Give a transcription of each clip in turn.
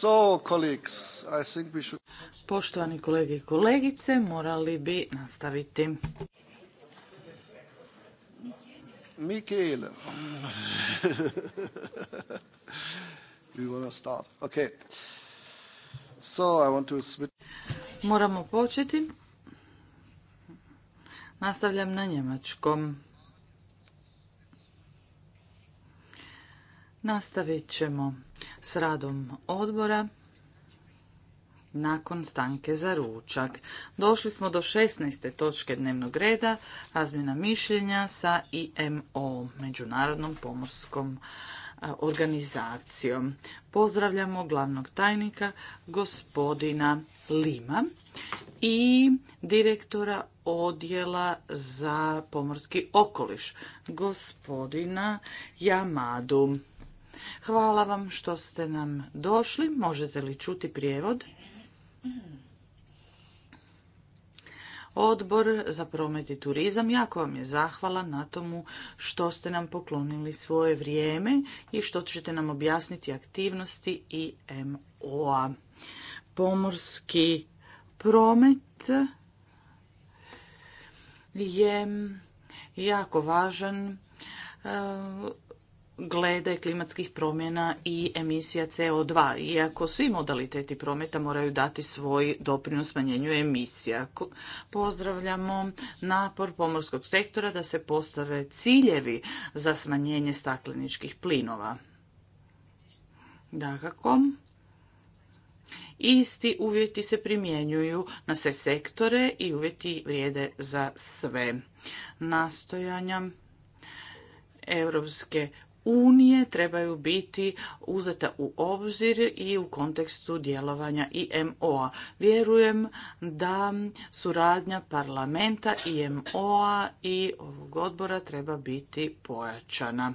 So, colleagues, I think we should... Poštovani kolege i kolegice, morali bi nastaviti. Michele. we want to start. Okay. So, I want to switch. Moramo početi. Nastavljam na njemačkom. Nastavit ćemo s radom odbora nakon stanke za ručak. Došli smo do 16. točke dnevnog reda, razmjena mišljenja sa IMO, Međunarodnom pomorskom e, organizacijom. Pozdravljamo glavnog tajnika gospodina Lima i direktora odjela za pomorski okoliš gospodina Jamadu. Hvala vam što ste nam došli. Možete li čuti prijevod? Odbor za promet i turizam jako vam je zahvalan na tomu što ste nam poklonili svoje vrijeme i što ćete nam objasniti aktivnosti i MOA. Pomorski promet je jako važan glede klimatskih promjena i emisija CO2, iako svi modaliteti prometa moraju dati svoj doprinos smanjenju emisija. Pozdravljamo napor pomorskog sektora da se postave ciljevi za smanjenje stakleničkih plinova. Dakako, isti uvjeti se primjenjuju na sve sektore i uvjeti vrijede za sve nastojanja Europske unije trebaju biti uzeta u obzir i u kontekstu djelovanja IMO-a. Vjerujem da suradnja parlamenta IMO-a i ovog odbora treba biti pojačana.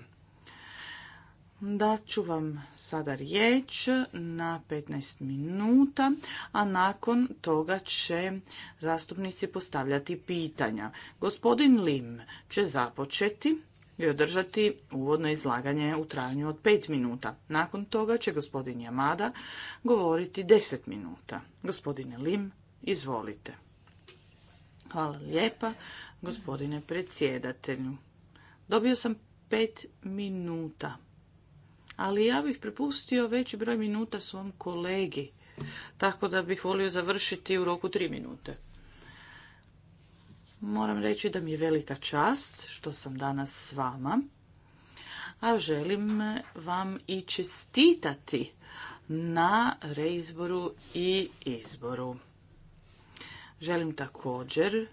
Daću vam sada riječ na 15 minuta, a nakon toga će zastupnici postavljati pitanja. Gospodin Lim će započeti i održati uvodno izlaganje u trajanju od 5 minuta. Nakon toga će gospodin Yamada govoriti 10 minuta. Gospodine Lim, izvolite. Hvala lijepa, gospodine predsjedatelju. Dobio sam 5 minuta, ali ja bih prepustio veći broj minuta svom kolegi, tako da bih volio završiti u roku 3 minute. Moram reći da mi je velika čast što sam danas s vama, a želim vam i čestitati na reizboru i izboru. Želim također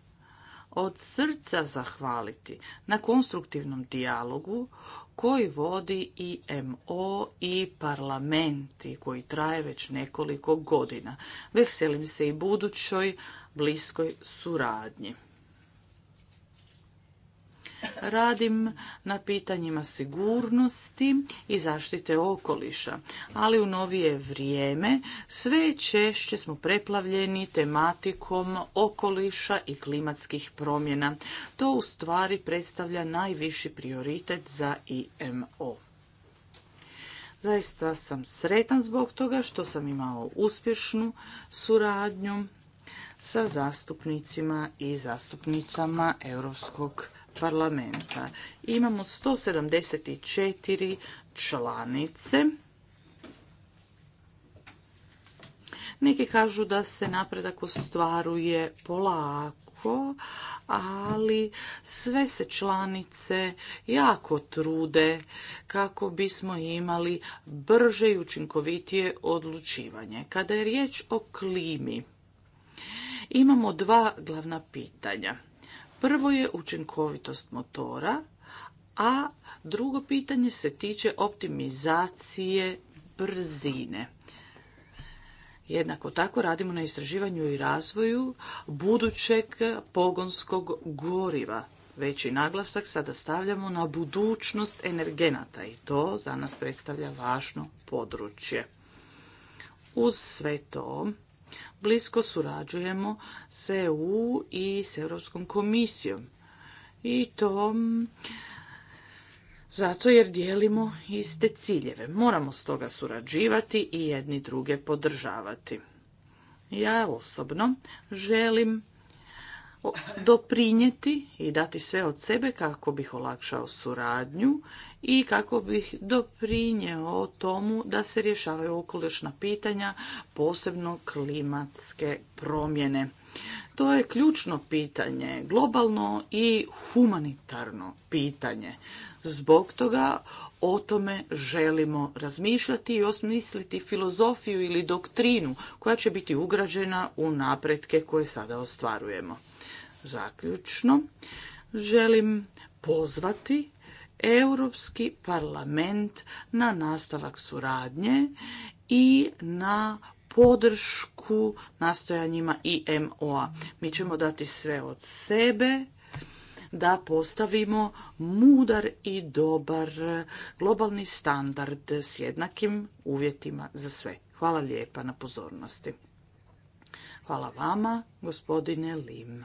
od srca zahvaliti na konstruktivnom dijalogu koji vodi i MO i parlamenti koji traje već nekoliko godina. Veselim se i budućoj bliskoj suradnji. Radim na pitanjima sigurnosti i zaštite okoliša, ali u novije vrijeme sve češće smo preplavljeni tematikom okoliša i klimatskih promjena. To u stvari predstavlja najviši prioritet za IMO. Zaista sam sretan zbog toga što sam imao uspješnu suradnju sa zastupnicima i zastupnicama Europskog parlamenta. Imamo 174 članice. Neki kažu da se napredak ostvaruje polako, ali sve se članice jako trude kako bismo imali brže i učinkovitije odlučivanje. Kada je riječ o klimi, imamo dva glavna pitanja. Prvo je učinkovitost motora, a drugo pitanje se tiče optimizacije brzine. Jednako tako radimo na istraživanju i razvoju budućeg pogonskog goriva. Veći naglasak sada stavljamo na budućnost energenata i to za nas predstavlja važno područje. Uz sve to Blisko surađujemo s EU i s Europskom komisijom. I to mm, zato jer dijelimo iste ciljeve. Moramo stoga surađivati i jedni druge podržavati. Ja osobno želim doprinijeti i dati sve od sebe kako bih olakšao suradnju i kako bih doprinjeo tomu da se rješavaju okolišna pitanja, posebno klimatske promjene. To je ključno pitanje, globalno i humanitarno pitanje. Zbog toga o tome želimo razmišljati i osmisliti filozofiju ili doktrinu koja će biti ugrađena u napretke koje sada ostvarujemo. Zaključno, želim pozvati Europski parlament na nastavak suradnje i na podršku nastojanjima IMO-a. Mi ćemo dati sve od sebe da postavimo mudar i dobar globalni standard s jednakim uvjetima za sve. Hvala lijepa na pozornosti. Hvala vama, gospodine Lim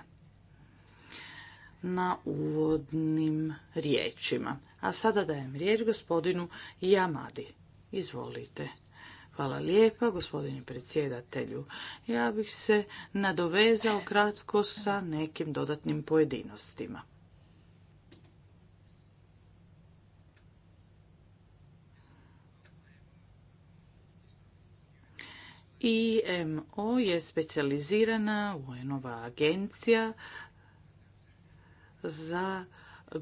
na uvodnim riječima. A sada dajem riječ gospodinu Jamadi. Izvolite. Hvala lijepa, gospodine predsjedatelju. Ja bih se nadovezao kratko sa nekim dodatnim pojedinostima. IMO je specijalizirana UN-ova agencija za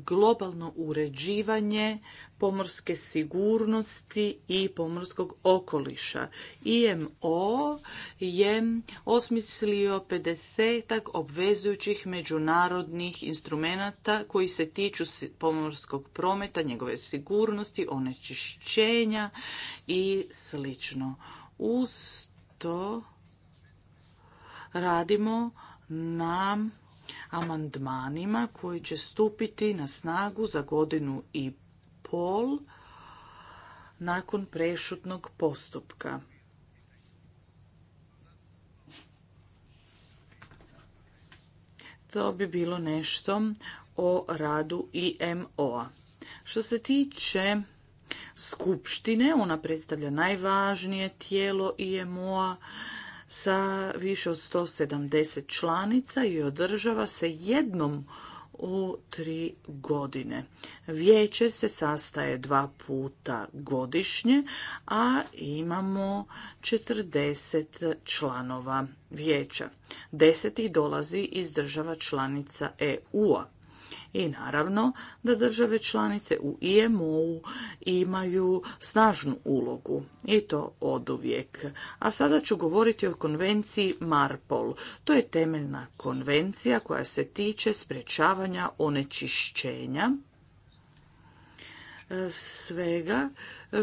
globalno uređivanje pomorske sigurnosti i pomorskog okoliša. IMO je osmislio 50 obvezujućih međunarodnih instrumenata koji se tiču pomorskog prometa, njegove sigurnosti, onečišćenja i sl. Uz to radimo na amandmanima koji će stupiti na snagu za godinu i pol nakon prešutnog postupka. To bi bilo nešto o radu IMO-a. Što se tiče skupštine, ona predstavlja najvažnije tijelo IMO-a sa više od 170 članica i održava se jednom u tri godine. Vijeće se sastaje dva puta godišnje, a imamo 40 članova vijeća. ih dolazi iz država članica EU-a. I naravno da države članice u imo imaju snažnu ulogu i to uvijek. A sada ću govoriti o konvenciji MARPOL. To je temeljna konvencija koja se tiče sprječavanja onečišćenja svega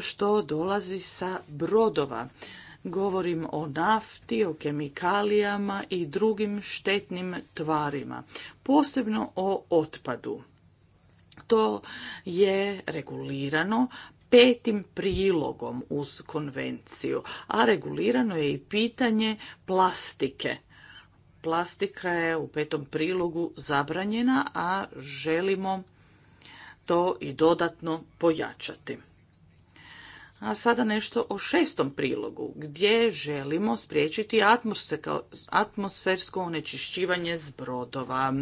što dolazi sa brodova Govorim o nafti, o kemikalijama i drugim štetnim tvarima, posebno o otpadu. To je regulirano petim prilogom uz konvenciju, a regulirano je i pitanje plastike. Plastika je u petom prilogu zabranjena, a želimo to i dodatno pojačati. A sada nešto o šestom prilogu, gdje želimo spriječiti atmosfersko onečišćivanje s brodova.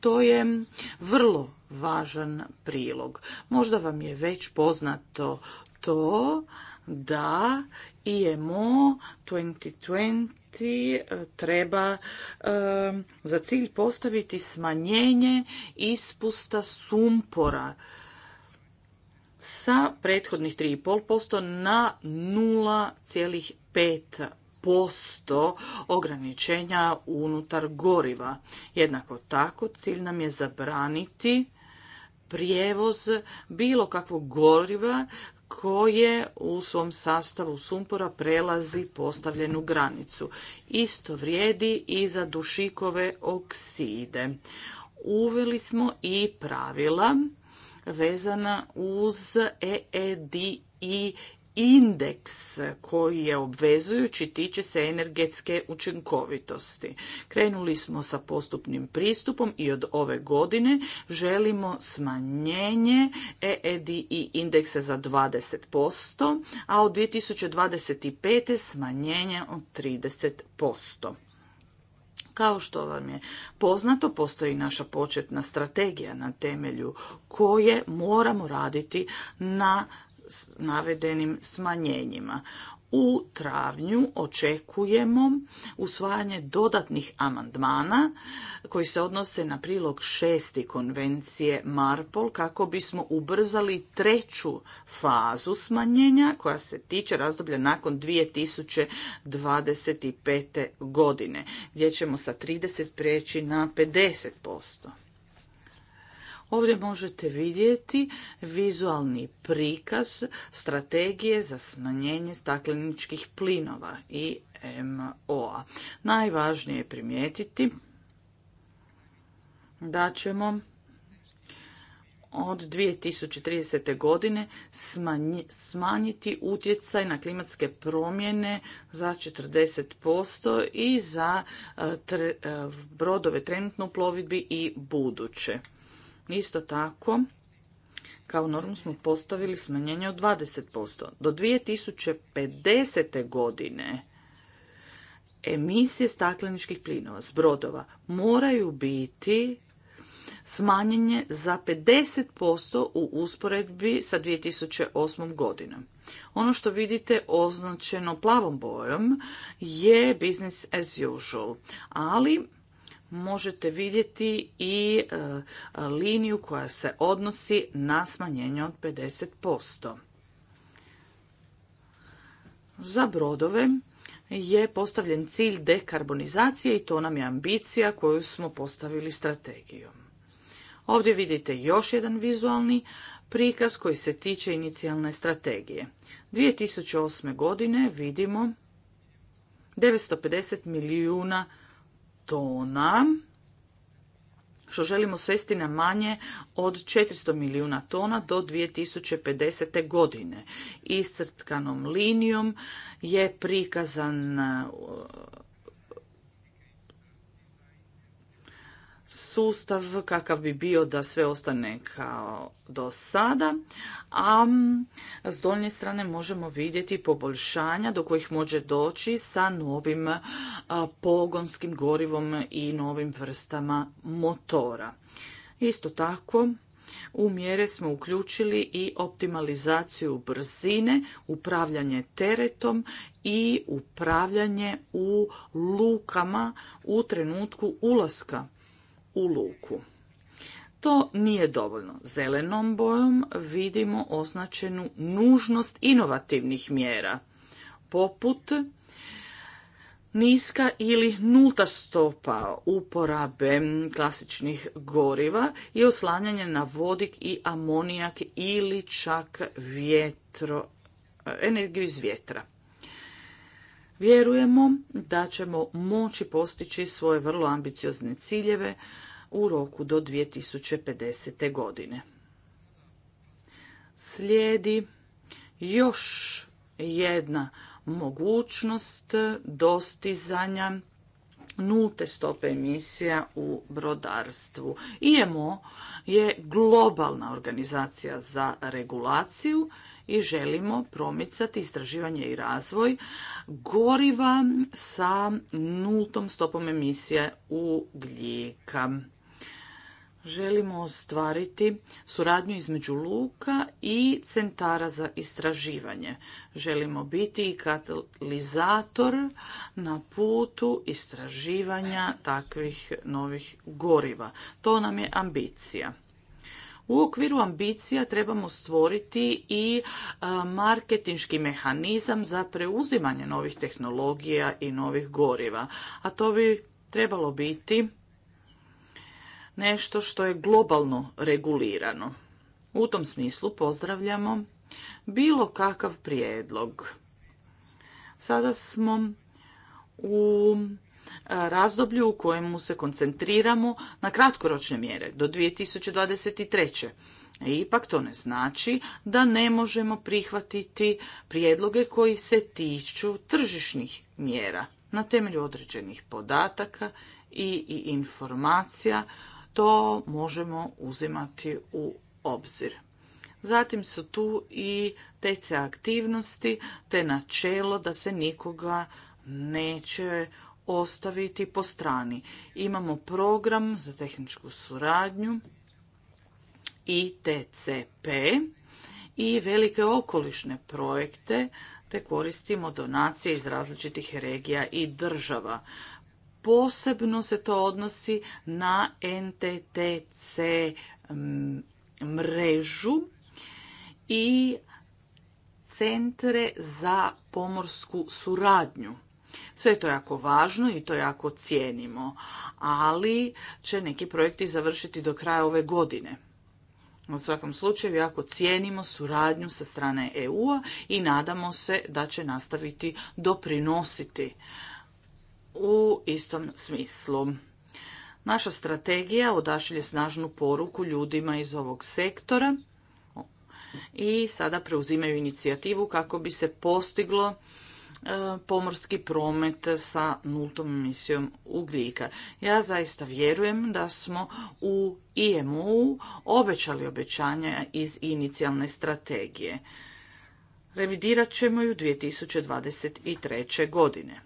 To je vrlo važan prilog. Možda vam je već poznato to da IMO 2020 treba za cilj postaviti smanjenje ispusta sumpora sa prethodnih 3,5% na 0,5% ograničenja unutar goriva. Jednako tako cilj nam je zabraniti prijevoz bilo kakvog goriva koje u svom sastavu sumpora prelazi postavljenu granicu. Isto vrijedi i za dušikove okside. Uveli smo i pravila vezana uz EEDI indeks koji je obvezujući tiče se energetske učinkovitosti. Krenuli smo sa postupnim pristupom i od ove godine želimo smanjenje EEDI indeksa za 20%, a od 2025. smanjenje od 30%. Kao što vam je poznato, postoji naša početna strategija na temelju koje moramo raditi na navedenim smanjenjima u travnju očekujemo usvajanje dodatnih amandmana koji se odnose na prilog šesti konvencije Marpol kako bismo ubrzali treću fazu smanjenja koja se tiče razdoblja nakon 2025. godine gdje ćemo sa 30 prijeći na 50%. Ovdje možete vidjeti vizualni prikaz strategije za smanjenje stakleničkih plinova i MOA. Najvažnije je primijetiti da ćemo od 2030. godine smanjiti utjecaj na klimatske promjene za 40% i za e, e, brodove trenutno u plovidbi i buduće. Isto tako, kao normu smo postavili smanjenje od 20%. Do 2050. godine emisije stakleničkih plinova s brodova moraju biti smanjenje za 50% u usporedbi sa 2008. godinom. Ono što vidite označeno plavom bojom je business as usual, ali možete vidjeti i e, liniju koja se odnosi na smanjenje od 50%. Za brodove je postavljen cilj dekarbonizacije i to nam je ambicija koju smo postavili strategijom. Ovdje vidite još jedan vizualni prikaz koji se tiče inicijalne strategije. 2008. godine vidimo 950 milijuna tona, što želimo svesti na manje od 400 milijuna tona do 2050. godine. Iscrtkanom linijom je prikazan sustav kakav bi bio da sve ostane kao do sada, a s dolje strane možemo vidjeti poboljšanja do kojih može doći sa novim pogonskim gorivom i novim vrstama motora. Isto tako, u mjere smo uključili i optimalizaciju brzine, upravljanje teretom i upravljanje u lukama u trenutku ulaska u luku. To nije dovoljno. Zelenom bojom vidimo označenu nužnost inovativnih mjera, poput niska ili nulta stopa uporabe klasičnih goriva i oslanjanje na vodik i amonijak ili čak vjetro, energiju iz vjetra. Vjerujemo da ćemo moći postići svoje vrlo ambiciozne ciljeve u roku do 2050. godine. Slijedi još jedna mogućnost dostizanja nulte stope emisija u brodarstvu. IMO je globalna organizacija za regulaciju i želimo promicati istraživanje i razvoj goriva sa nultom stopom emisije ugljika želimo ostvariti suradnju između luka i centara za istraživanje. Želimo biti i katalizator na putu istraživanja takvih novih goriva. To nam je ambicija. U okviru ambicija trebamo stvoriti i e, marketinški mehanizam za preuzimanje novih tehnologija i novih goriva, a to bi trebalo biti nešto što je globalno regulirano. U tom smislu pozdravljamo bilo kakav prijedlog. Sada smo u e, razdoblju u kojemu se koncentriramo na kratkoročne mjere do 2023. E, ipak to ne znači da ne možemo prihvatiti prijedloge koji se tiču tržišnih mjera na temelju određenih podataka i informacija to možemo uzimati u obzir. Zatim su tu i tece aktivnosti, te načelo da se nikoga neće ostaviti po strani. Imamo program za tehničku suradnju i TCP i velike okolišne projekte te koristimo donacije iz različitih regija i država. Posebno se to odnosi na NTTC mrežu i centre za pomorsku suradnju. Sve je to jako važno i to jako cijenimo, ali će neki projekti završiti do kraja ove godine. U svakom slučaju jako cijenimo suradnju sa strane EU-a i nadamo se da će nastaviti doprinositi u istom smislu. Naša strategija odašlje snažnu poruku ljudima iz ovog sektora i sada preuzimaju inicijativu kako bi se postiglo e, pomorski promet sa nultom emisijom ugljika. Ja zaista vjerujem da smo u IMU obećali obećanja iz inicijalne strategije. Revidirat ćemo ju 2023. godine.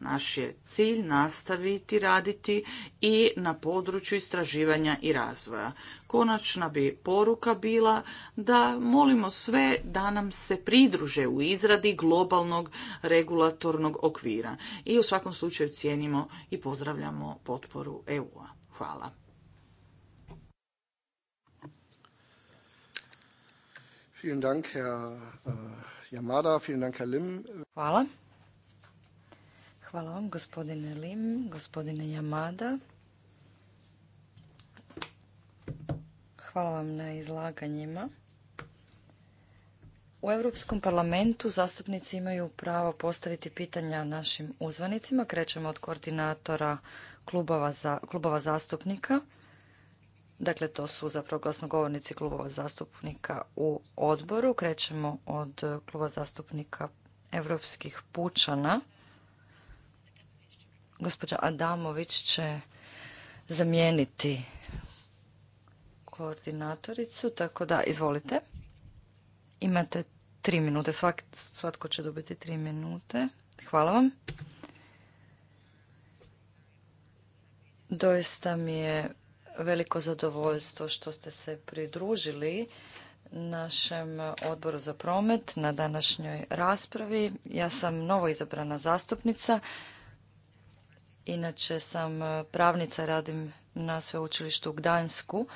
Naš je cilj nastaviti raditi i na području istraživanja i razvoja. Konačna bi poruka bila da molimo sve da nam se pridruže u izradi globalnog regulatornog okvira. I u svakom slučaju cijenimo i pozdravljamo potporu EU-a. Hvala. Äh, Hvala. Hvala vam, gospodine Lim, gospodine Jamada. Hvala vam na izlaganjima. U Europskom parlamentu zastupnici imaju pravo postaviti pitanja našim uzvanicima. Krećemo od koordinatora klubova, za, klubova zastupnika. Dakle, to su zapravo glasnogovornici klubova zastupnika u odboru. Krećemo od kluba zastupnika europskih pučana. Gospođa Adamović će zamijeniti koordinatoricu, tako da izvolite. Imate tri minute, svatko će dobiti tri minute. Hvala vam. Doista mi je veliko zadovoljstvo što ste se pridružili našem odboru za promet na današnjoj raspravi. Ja sam novo izabrana zastupnica. Inače sam e, pravnica, radim na sveučilištu u Gdansku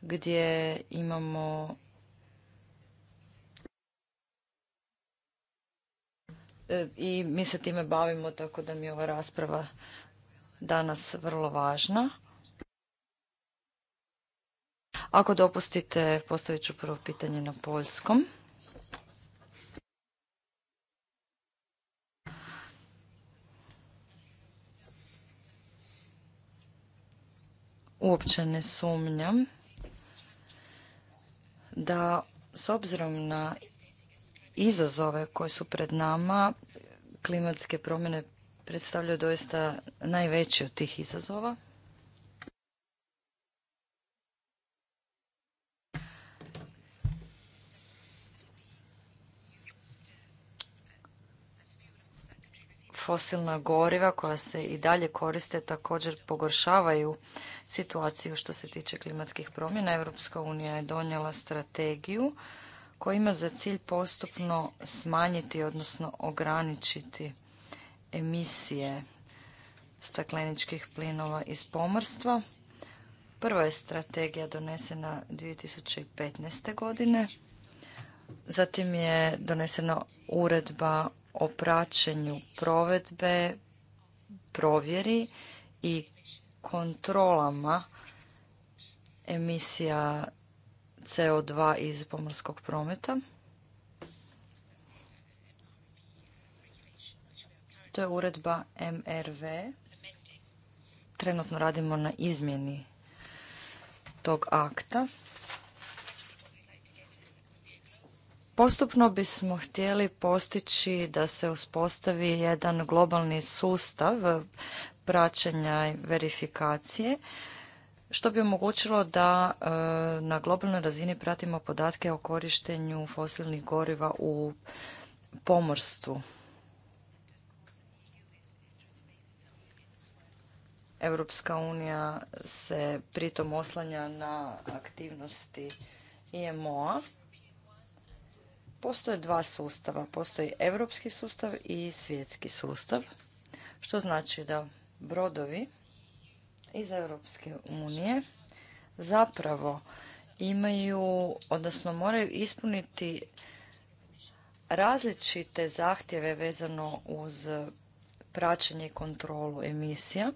gdje imamo e, i mi se time bavimo tako da mi je ova rasprava danas vrlo važna. Ako dopustite, postavit ću prvo pitanje na poljskom. uopće ne sumnjam da s obzirom na izazove koje su pred nama, klimatske promjene predstavljaju doista najveći od tih izazova. fosilna goriva koja se i dalje koriste također pogoršavaju situaciju što se tiče klimatskih promjena. Europska unija je donijela strategiju koja ima za cilj postupno smanjiti, odnosno ograničiti emisije stakleničkih plinova iz pomorstva. Prva je strategija donesena 2015. godine. Zatim je donesena uredba o praćenju provedbe, provjeri i kontrolama emisija CO2 iz pomorskog prometa. To je uredba MRV. Trenutno radimo na izmjeni tog akta. Postupno bismo htjeli postići da se uspostavi jedan globalni sustav praćenja i verifikacije što bi omogućilo da e, na globalnoj razini pratimo podatke o korištenju fosilnih goriva u pomorstvu. Europska unija se pritom oslanja na aktivnosti IMO-a Postoje dva sustava. Postoji europski sustav i svjetski sustav, što znači da brodovi iz Europske unije zapravo imaju, odnosno moraju ispuniti različite zahtjeve vezano uz praćenje i kontrolu emisija,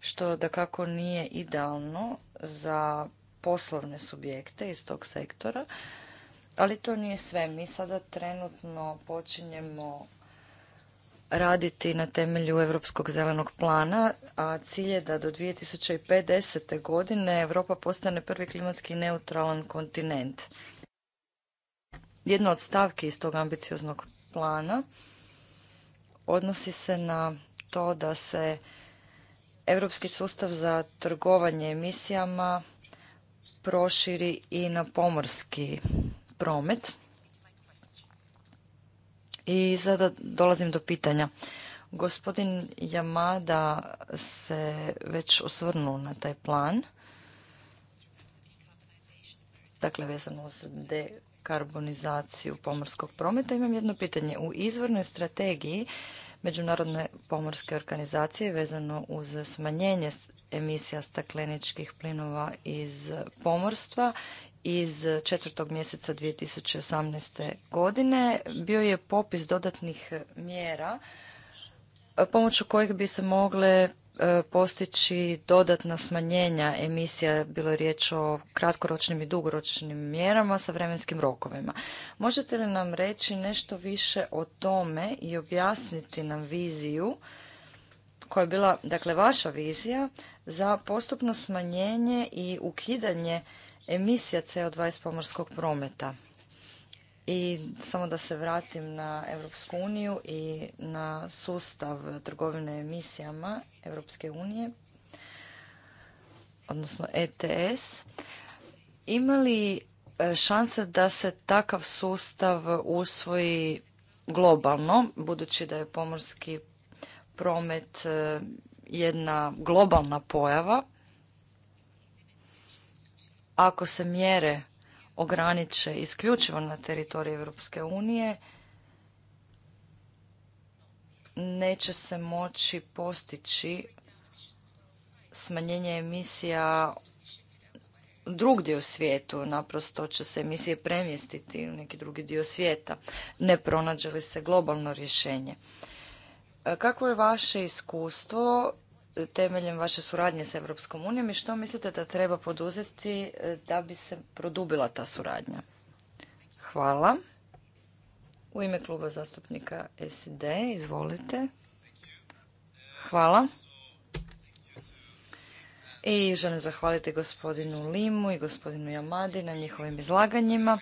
što da kako nije idealno za poslovne subjekte iz tog sektora, ali to nije sve. Mi sada trenutno počinjemo raditi na temelju Europskog zelenog plana, a cilj je da do 2050. godine Europa postane prvi klimatski neutralan kontinent. Jedna od stavki iz tog ambicioznog plana odnosi se na to da se europski sustav za trgovanje emisijama proširi i na pomorski promet. I sada dolazim do pitanja. Gospodin Yamada se već osvrnuo na taj plan. Dakle, vezano uz dekarbonizaciju pomorskog prometa. Imam jedno pitanje. U izvornoj strategiji Međunarodne pomorske organizacije vezano uz smanjenje emisija stakleničkih plinova iz pomorstva iz četvrtog mjeseca 2018. godine bio je popis dodatnih mjera pomoću kojih bi se mogle e, postići dodatna smanjenja emisija, bilo je riječ o kratkoročnim i dugoročnim mjerama sa vremenskim rokovima. Možete li nam reći nešto više o tome i objasniti nam viziju koja je bila, dakle, vaša vizija za postupno smanjenje i ukidanje emisija CO2 iz pomorskog prometa. I samo da se vratim na Europsku uniju i na sustav trgovine emisijama Europske unije, odnosno ETS. Ima li e, šanse da se takav sustav usvoji globalno, budući da je pomorski promet e, jedna globalna pojava ako se mjere ograniče isključivo na teritoriju Europske unije, neće se moći postići smanjenje emisija drugdje u svijetu. Naprosto će se emisije premjestiti u neki drugi dio svijeta. Ne pronađe li se globalno rješenje. E, kako je vaše iskustvo temeljem vaše suradnje s Europskom unijom i što mislite da treba poduzeti e, da bi se produbila ta suradnja? Hvala. U ime kluba zastupnika SID, izvolite. Hvala. I želim zahvaliti gospodinu Limu i gospodinu Jamadi na njihovim izlaganjima.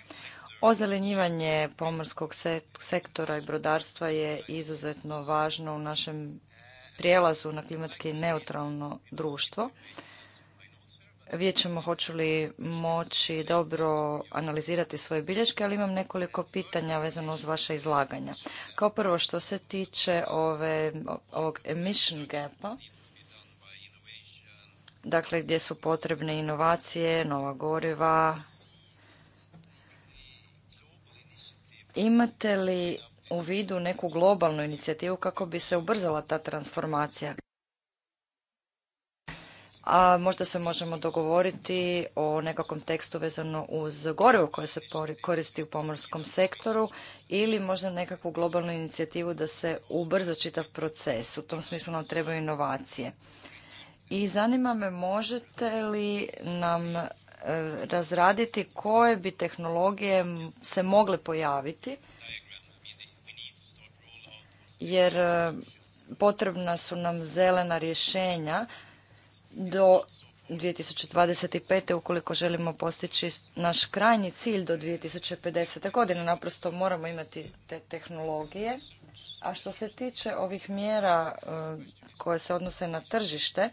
Ozelenjivanje pomorskog sektora i brodarstva je izuzetno važno u našem prijelazu na klimatski neutralno društvo. Vijećemo ćemo hoću li moći dobro analizirati svoje bilješke, ali imam nekoliko pitanja vezano uz vaše izlaganja. Kao prvo što se tiče ove, ovog emission gapa, dakle gdje su potrebne inovacije, nova goriva. Imate li u vidu neku globalnu inicijativu kako bi se ubrzala ta transformacija. A možda se možemo dogovoriti o nekakvom tekstu vezano uz gorivo koje se koristi u pomorskom sektoru ili možda nekakvu globalnu inicijativu da se ubrza čitav proces. U tom smislu nam trebaju inovacije. I zanima me možete li nam e, razraditi koje bi tehnologije se mogle pojaviti jer e, potrebna su nam zelena rješenja do 2025. ukoliko želimo postići naš krajnji cilj do 2050. godine. Naprosto moramo imati te tehnologije. A što se tiče ovih mjera e, koje se odnose na tržište,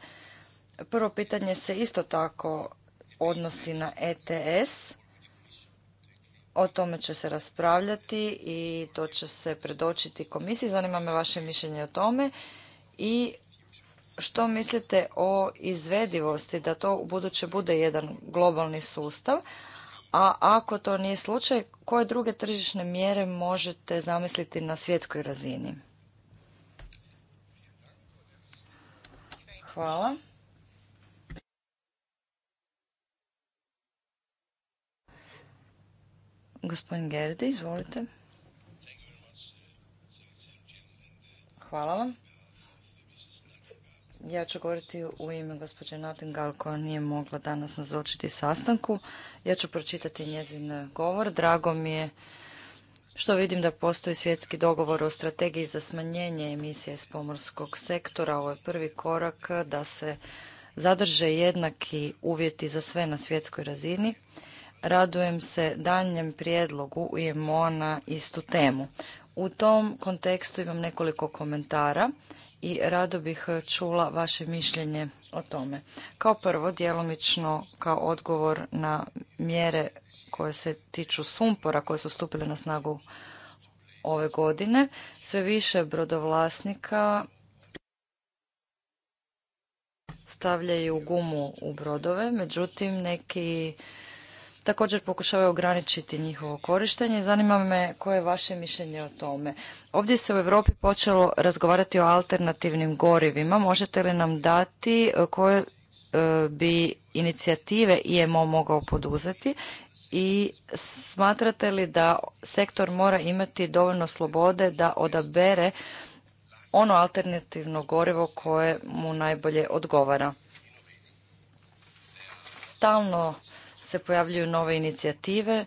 prvo pitanje se isto tako odnosi na ETS. O tome će se raspravljati i to će se predočiti komisiji. Zanima me vaše mišljenje o tome i što mislite o izvedivosti da to u buduće bude jedan globalni sustav, a ako to nije slučaj, koje druge tržišne mjere možete zamisliti na svjetskoj razini? Hvala. Gospodin Gerdi, izvolite. Hvala vam. Ja ću govoriti u ime gospođe Natingal koja nije mogla danas nazočiti sastanku. Ja ću pročitati njezin govor. Drago mi je što vidim da postoji svjetski dogovor o strategiji za smanjenje emisije iz pomorskog sektora. Ovo je prvi korak da se zadrže jednaki uvjeti za sve na svjetskoj razini radujem se daljnjem prijedlogu UMO na istu temu. U tom kontekstu imam nekoliko komentara i rado bih čula vaše mišljenje o tome. Kao prvo, djelomično kao odgovor na mjere koje se tiču sumpora koje su stupile na snagu ove godine, sve više brodovlasnika stavljaju gumu u brodove, međutim neki također pokušavaju ograničiti njihovo korištenje. Zanima me koje je vaše mišljenje o tome. Ovdje se u Europi počelo razgovarati o alternativnim gorivima. Možete li nam dati e, koje e, bi inicijative IMO mogao poduzeti i smatrate li da sektor mora imati dovoljno slobode da odabere ono alternativno gorivo koje mu najbolje odgovara? Stalno se pojavljuju nove inicijative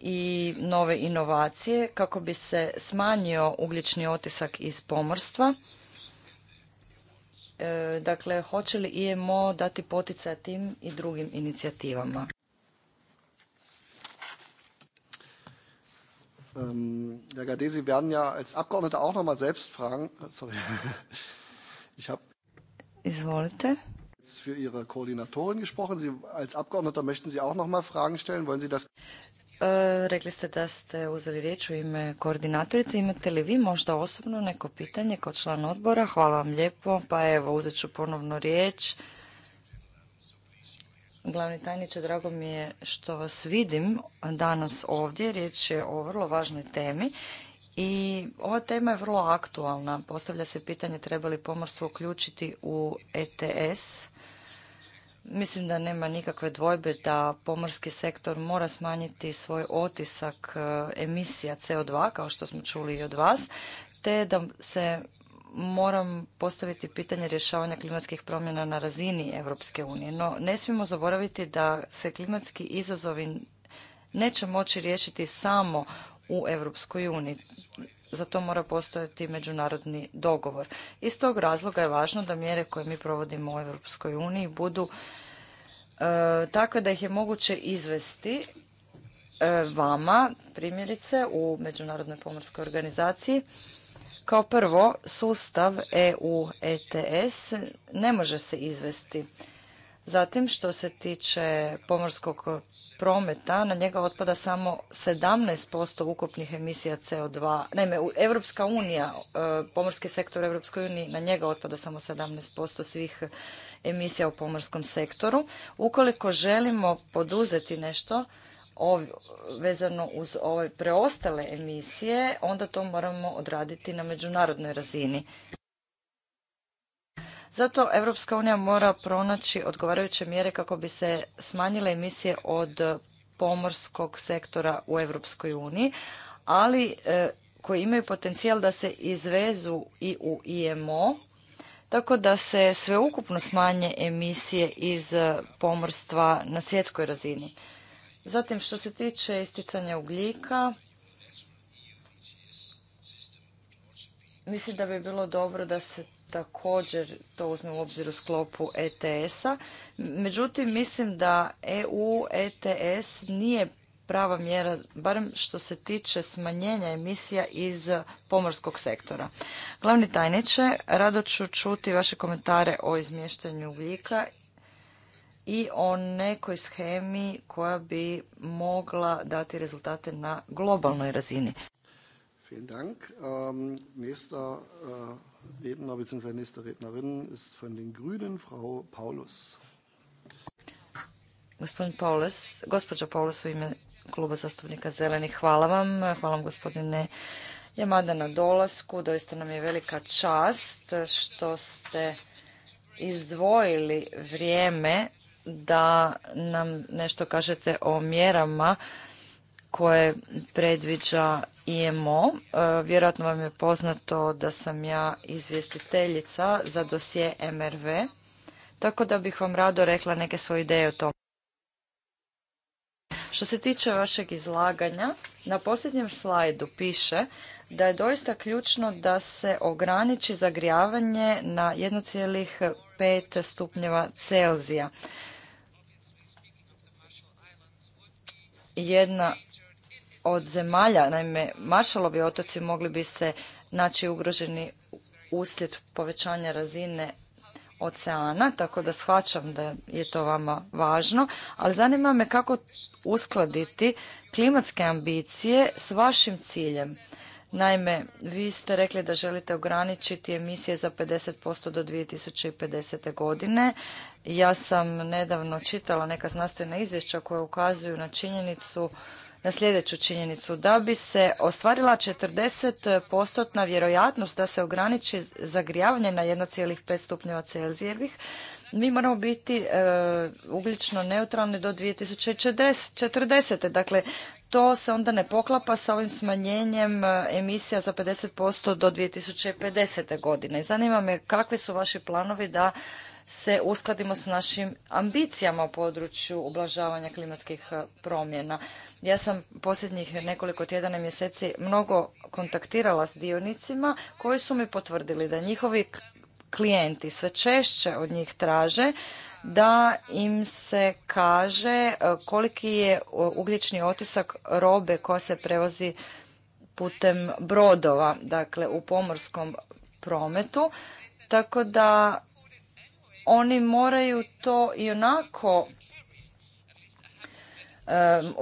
i nove inovacije kako bi se smanjio ugljični otisak iz pomorstva. E, dakle, hoće li IMO dati poticaj tim i drugim inicijativama? Ähm, Izvolite für Ihre Koordinatorin gesprochen. Sie als Abgeordneter möchten Sie auch noch mal Fragen stellen? Wollen Sie das? E, rekli ste da ste uzeli riječ u ime koordinatorice. Imate li vi možda osobno neko pitanje kao član odbora? Hvala vam lijepo. Pa evo, uzet ću ponovno riječ. Glavni tajniče, drago mi je što vas vidim danas ovdje. Riječ je o vrlo važnoj temi i ova tema je vrlo aktualna. Postavlja se pitanje treba li pomorstvo uključiti u ETS Mislim da nema nikakve dvojbe da pomorski sektor mora smanjiti svoj otisak e, emisija CO2, kao što smo čuli i od vas, te da se moram postaviti pitanje rješavanja klimatskih promjena na razini Europske unije. No, ne smijemo zaboraviti da se klimatski izazovi neće moći riješiti samo u Europskoj uniji za to mora postojati međunarodni dogovor. Iz tog razloga je važno da mjere koje mi provodimo u Europskoj uniji budu e, takve da ih je moguće izvesti e, vama, primjerice, u Međunarodnoj pomorskoj organizaciji. Kao prvo, sustav EU ETS ne može se izvesti Zatim, što se tiče pomorskog prometa, na njega otpada samo 17% ukupnih emisija CO2. Naime, Evropska unija, e, pomorski sektor u europskoj uniji, na njega otpada samo 17% svih emisija u pomorskom sektoru. Ukoliko želimo poduzeti nešto vezano uz ove preostale emisije, onda to moramo odraditi na međunarodnoj razini. Zato Europska unija mora pronaći odgovarajuće mjere kako bi se smanjile emisije od pomorskog sektora u Europskoj uniji, ali e, koji imaju potencijal da se izvezu i u IMO, tako da se sveukupno smanje emisije iz pomorstva na svjetskoj razini. Zatim što se tiče isticanja ugljika, mislim da bi bilo dobro da se također to uzme u obzir u sklopu ETS-a. Međutim, mislim da EU ETS nije prava mjera, barem što se tiče smanjenja emisija iz pomorskog sektora. Glavni tajniče, rado ću čuti vaše komentare o izmještanju ugljika i o nekoj schemi koja bi mogla dati rezultate na globalnoj razini. Vielen ähm, äh, Redner bzw. nächste Rednerin ist von den Grünen Frau Paulus. Gospodin Paulus, gospođa Paulus u ime kluba zastupnika Zelenih, hvala vam. Hvala vam gospodine Jamada na dolasku. Doista nam je velika čast što ste izdvojili vrijeme da nam nešto kažete o mjerama koje predviđa IMO. E, vjerojatno vam je poznato da sam ja izvjestiteljica za dosje MRV, tako da bih vam rado rekla neke svoje ideje o tome. Što se tiče vašeg izlaganja, na posljednjem slajdu piše da je doista ključno da se ograniči zagrijavanje na 1,5 stupnjeva Celzija. Jedna od zemalja. Naime, Maršalovi otoci mogli bi se naći ugroženi uslijed povećanja razine oceana, tako da shvaćam da je to vama važno, ali zanima me kako uskladiti klimatske ambicije s vašim ciljem. Naime, vi ste rekli da želite ograničiti emisije za 50% do 2050. godine. Ja sam nedavno čitala neka znanstvena izvješća koja ukazuju na činjenicu na sljedeću činjenicu. Da bi se ostvarila 40% vjerojatnost da se ograniči zagrijavanje na 1,5 stupnjeva Celzijevih, mi moramo biti e, ugljično neutralni do 2040. Dakle, to se onda ne poklapa sa ovim smanjenjem e, emisija za 50% do 2050. godine. Zanima me kakvi su vaši planovi da se uskladimo s našim ambicijama u području ublažavanja klimatskih e, promjena. Ja sam posljednjih nekoliko tjedana i mjeseci mnogo kontaktirala s dionicima koji su mi potvrdili da njihovi klijenti sve češće od njih traže da im se kaže e, koliki je e, ugljični otisak robe koja se prevozi putem brodova, dakle u pomorskom prometu. Tako da oni moraju to i onako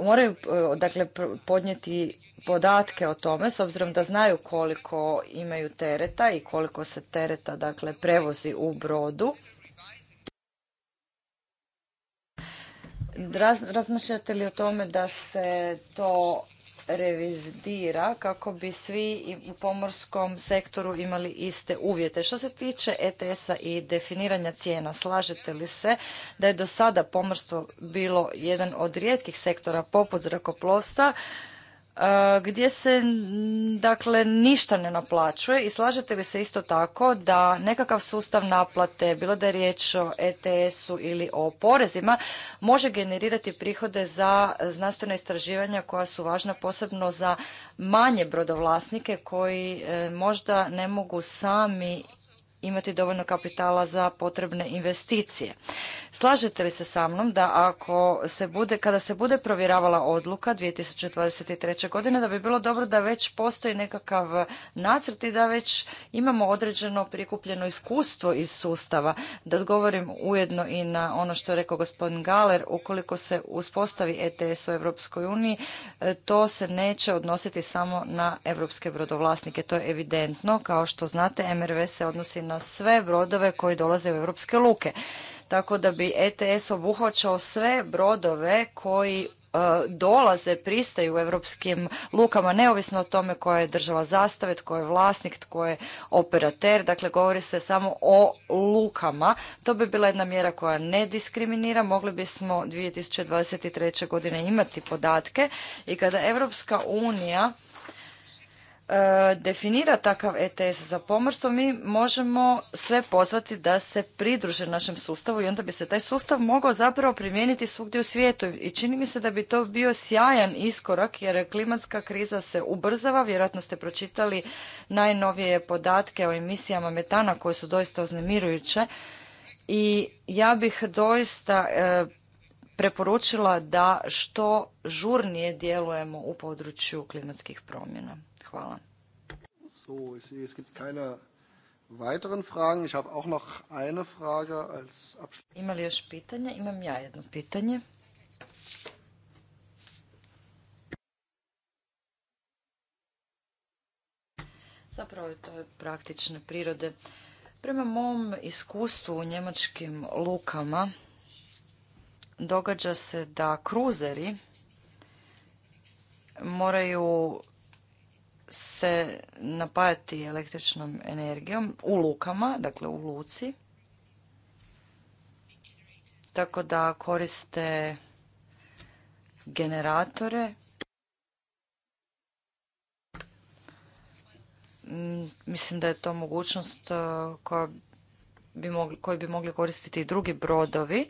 moraju eh, dakle podnijeti podatke o tome s obzirom da znaju koliko imaju tereta i koliko se tereta dakle prevozi u brodu. razmišljate li o tome da se to revidira kako bi svi u pomorskom sektoru imali iste uvjete. Što se tiče ETS-a i definiranja cijena, slažete li se da je do sada pomorstvo bilo jedan od rijetkih sektora poput zrakoplovstva E, gdje se dakle ništa ne naplaćuje i slažete li se isto tako da nekakav sustav naplate, bilo da je riječ o ETS-u ili o porezima, može generirati prihode za znanstvena istraživanja koja su važna posebno za manje brodovlasnike koji e, možda ne mogu sami imati dovoljno kapitala za potrebne investicije. Slažete li se sa mnom da ako se bude, kada se bude provjeravala odluka 2023. godine, da bi bilo dobro da već postoji nekakav nacrt i da već imamo određeno prikupljeno iskustvo iz sustava. Da odgovorim ujedno i na ono što je rekao gospodin Galer, ukoliko se uspostavi ETS u Europskoj uniji, e, to se neće odnositi samo na europske brodovlasnike. To je evidentno. Kao što znate, MRV se odnosi na sve brodove koji dolaze u europske luke tako da bi ETS obuhvaćao sve brodove koji e, dolaze, pristaju u europskim lukama, neovisno o tome koja je država zastave, tko je vlasnik, tko je operater, dakle govori se samo o lukama. To bi bila jedna mjera koja ne diskriminira, mogli bismo 2023. godine imati podatke i kada Europska unija E, definira takav ETS za pomorstvo, mi možemo sve pozvati da se pridruže našem sustavu i onda bi se taj sustav mogao zapravo primijeniti svugdje u svijetu. I čini mi se da bi to bio sjajan iskorak jer klimatska kriza se ubrzava. Vjerojatno ste pročitali najnovije podatke o emisijama metana koje su doista uznemirujuće. I ja bih doista e, preporučila da što žurnije djelujemo u području klimatskih promjena. Hvala. So, ich es gibt keine weiteren Fragen. Ich habe auch noch eine Frage als Ima li još pitanja? Imam ja jedno pitanje. Zapravo je to praktične prirode. Prema mom iskustvu u njemačkim lukama događa se da kruzeri moraju se napajati električnom energijom u lukama, dakle u luci. Tako da koriste generatore. Mm, mislim da je to mogućnost uh, koju bi mogli koristiti i drugi brodovi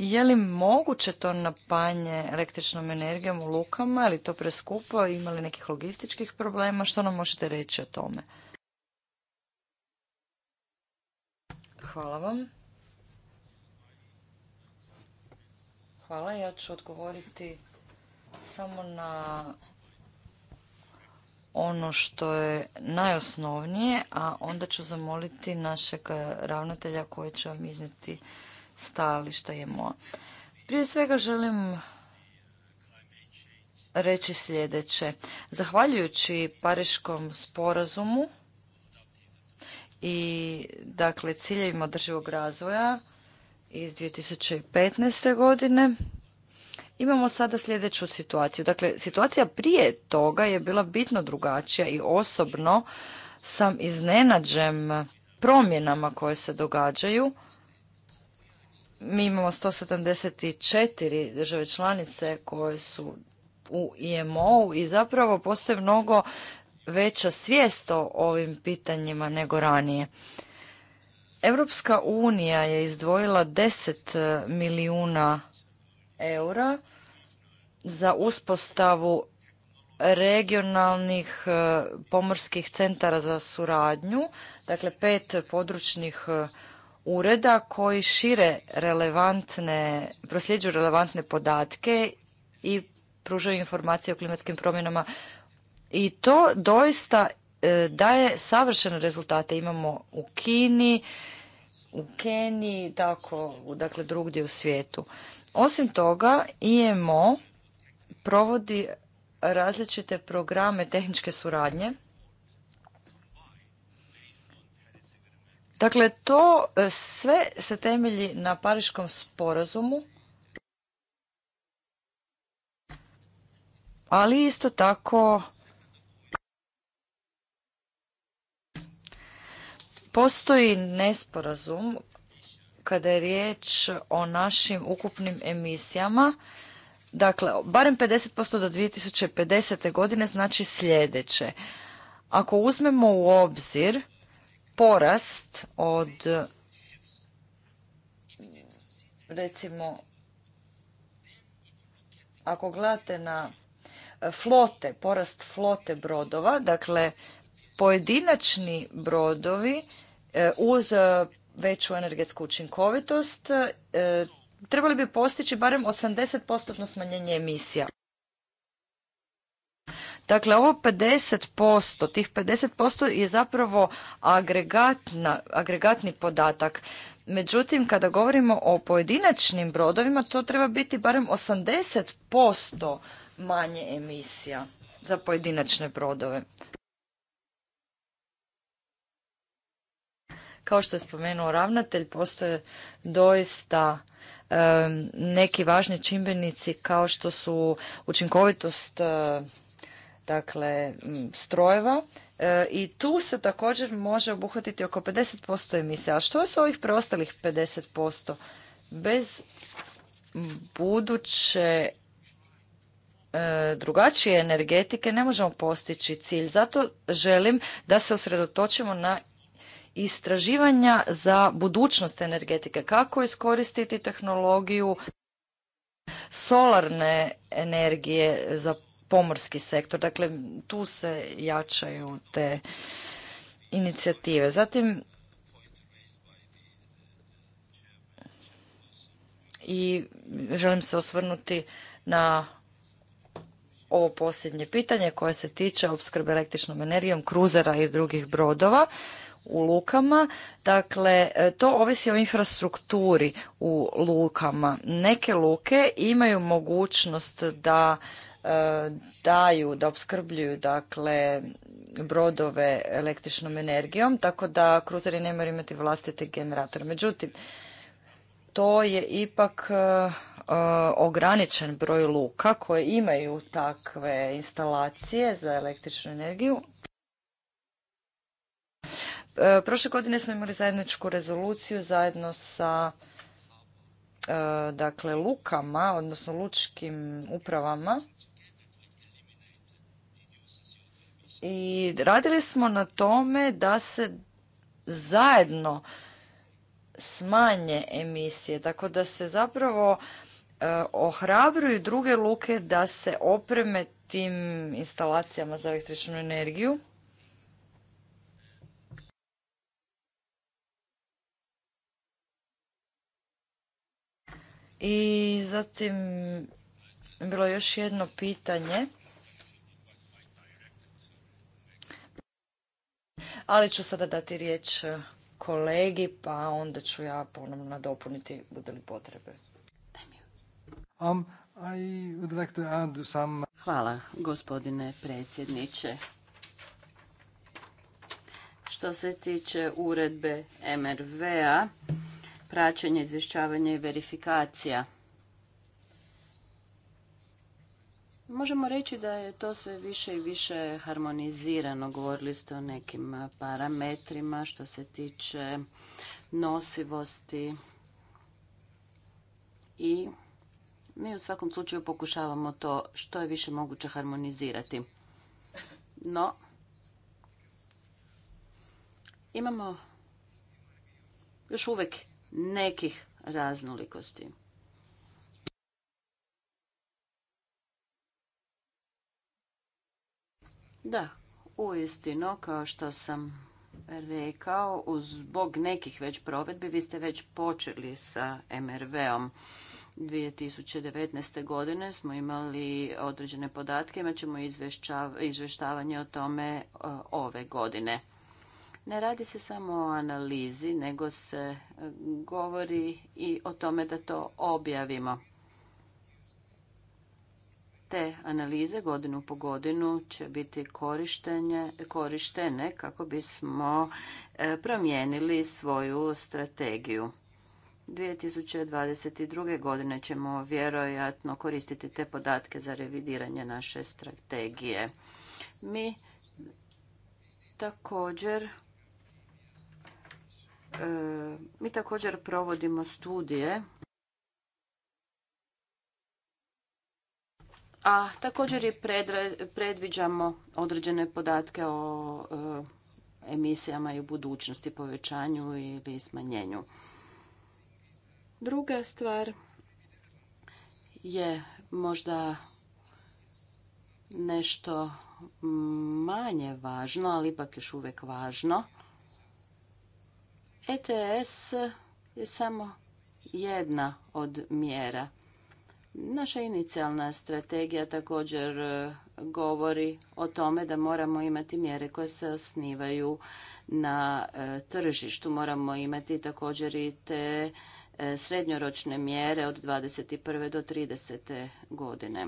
je li moguće to napanje električnom energijom u lukama, je to preskupo, ima li nekih logističkih problema, što nam možete reći o tome? Hvala vam. Hvala, ja ću odgovoriti samo na ono što je najosnovnije, a onda ću zamoliti našeg ravnatelja koji će vam iznijeti stajališta Prije svega želim reći sljedeće. Zahvaljujući Pariškom sporazumu i dakle ciljevima održivog razvoja iz 2015. godine imamo sada sljedeću situaciju. Dakle, situacija prije toga je bila bitno drugačija i osobno sam iznenađen promjenama koje se događaju mi imamo 174 države članice koje su u IMO-u i zapravo postoje mnogo veća svijest o ovim pitanjima nego ranije. Europska unija je izdvojila 10 milijuna eura za uspostavu regionalnih e, pomorskih centara za suradnju, dakle pet područnih e, ureda koji šire relevantne, prosljeđuju relevantne podatke i pružaju informacije o klimatskim promjenama. I to doista e, daje savršene rezultate. Imamo u Kini, u Keniji, tako, dakle, drugdje u svijetu. Osim toga, IMO provodi različite programe tehničke suradnje Dakle, to e, sve se temelji na Pariškom sporazumu, ali isto tako postoji nesporazum kada je riječ o našim ukupnim emisijama. Dakle, barem 50% do 2050. godine znači sljedeće. Ako uzmemo u obzir porast od recimo ako gledate na flote, porast flote brodova, dakle pojedinačni brodovi e, uz veću energetsku učinkovitost e, trebali bi postići barem 80% smanjenje emisija. Dakle, ovo 50%, tih 50% je zapravo agregatna, agregatni podatak. Međutim, kada govorimo o pojedinačnim brodovima, to treba biti barem 80% manje emisija za pojedinačne brodove. Kao što je spomenuo ravnatelj, postoje doista neki važni čimbenici kao što su učinkovitost dakle strojeva e, i tu se također može obuhvatiti oko 50% emisija. A što je ovih preostalih 50%? Bez buduće e, drugačije energetike ne možemo postići cilj. Zato želim da se usredotočimo na istraživanja za budućnost energetike. Kako iskoristiti tehnologiju solarne energije za pomorski sektor. Dakle, tu se jačaju te inicijative. Zatim, i želim se osvrnuti na ovo posljednje pitanje koje se tiče opskrbe električnom energijom kruzera i drugih brodova u lukama. Dakle, to ovisi o infrastrukturi u lukama. Neke luke imaju mogućnost da E, daju, da opskrbljuju dakle brodove električnom energijom, tako da kruzeri ne moraju imati vlastiti generator. Međutim, to je ipak e, e, ograničen broj luka koje imaju takve instalacije za električnu energiju. Prošle godine smo imali zajedničku rezoluciju zajedno sa dakle lukama, odnosno lučkim upravama i radili smo na tome da se zajedno smanje emisije, tako da se zapravo e, ohrabruju druge luke da se opreme tim instalacijama za električnu energiju. I zatim bilo još jedno pitanje Ali ću sada dati riječ e, kolegi, pa onda ću ja ponovno nadopuniti bude li potrebe. Um, Hvala, gospodine predsjedniče. Što se tiče uredbe MRV-a, praćenje, izvješćavanje i verifikacija – Možemo reći da je to sve više i više harmonizirano. Govorili ste o nekim parametrima što se tiče nosivosti i mi u svakom slučaju pokušavamo to što je više moguće harmonizirati. No, imamo još uvek nekih raznolikosti. Da, uistinu, kao što sam rekao, zbog nekih već provedbi, vi ste već počeli sa MRV-om. 2019. godine smo imali određene podatke, imat ćemo izvještavanje o tome e, ove godine. Ne radi se samo o analizi, nego se e, govori i o tome da to objavimo. Te analize godinu po godinu će biti korištene kako bismo e, promijenili svoju strategiju. 2022. godine ćemo vjerojatno koristiti te podatke za revidiranje naše strategije. Mi također e, mi također provodimo studije a također i predviđamo određene podatke o e, emisijama i u budućnosti, povećanju ili smanjenju. Druga stvar je možda nešto manje važno, ali ipak još uvijek važno. ETS je samo jedna od mjera Naša inicijalna strategija također e, govori o tome da moramo imati mjere koje se osnivaju na e, tržištu. Moramo imati također i te e, srednjoročne mjere od 21. do 30. godine.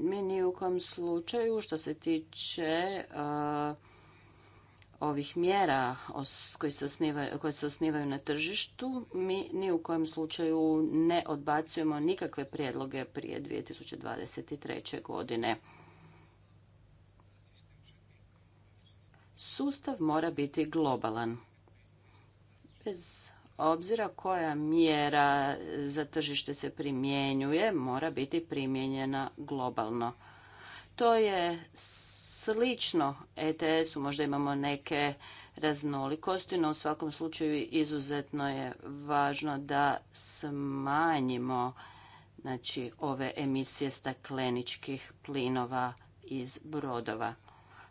Mi ni u kom slučaju što se tiče ovih mjera koje se osnivaju na tržištu, mi ni u kojem slučaju ne odbacujemo nikakve prijedloge prije 2023. godine. Sustav mora biti globalan. Bez obzira koja mjera za tržište se primjenjuje, mora biti primijenjena globalno. To je slično ETS-u, možda imamo neke raznolikosti, no u svakom slučaju izuzetno je važno da smanjimo znači, ove emisije stakleničkih plinova iz brodova.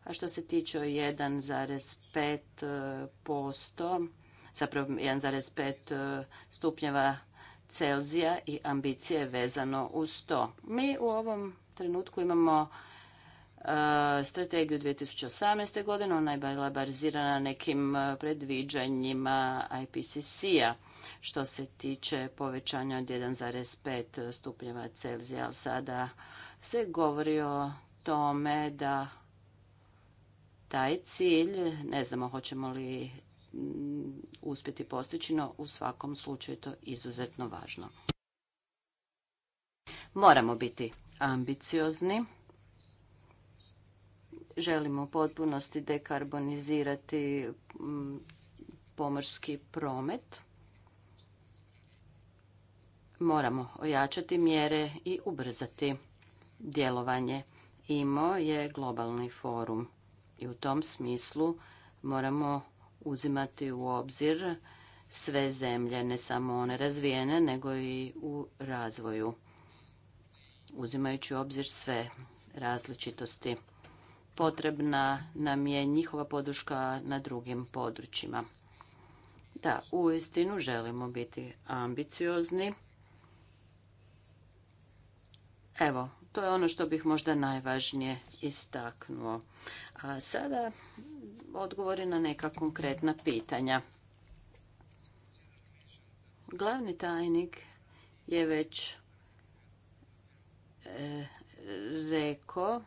A što se tiče 1,5%, zapravo 1,5 stupnjeva Celzija i ambicije vezano uz to. Mi u ovom trenutku imamo E, strategiju 2018. godine. Ona je bila nekim e, predviđanjima IPCC-a što se tiče povećanja od 1,5 stupnjeva Celzija, ali sada se govori o tome da taj cilj, ne znamo hoćemo li mm, uspjeti postići, no u svakom slučaju to izuzetno važno. Moramo biti ambiciozni Želimo u potpunosti dekarbonizirati mm, pomorski promet. Moramo ojačati mjere i ubrzati djelovanje. IMO je globalni forum i u tom smislu moramo uzimati u obzir sve zemlje, ne samo one razvijene, nego i u razvoju, uzimajući u obzir sve različitosti potrebna nam je njihova podrška na drugim područjima. Da, u istinu želimo biti ambiciozni. Evo, to je ono što bih možda najvažnije istaknuo. A sada odgovori na neka konkretna pitanja. Glavni tajnik je već e, rekao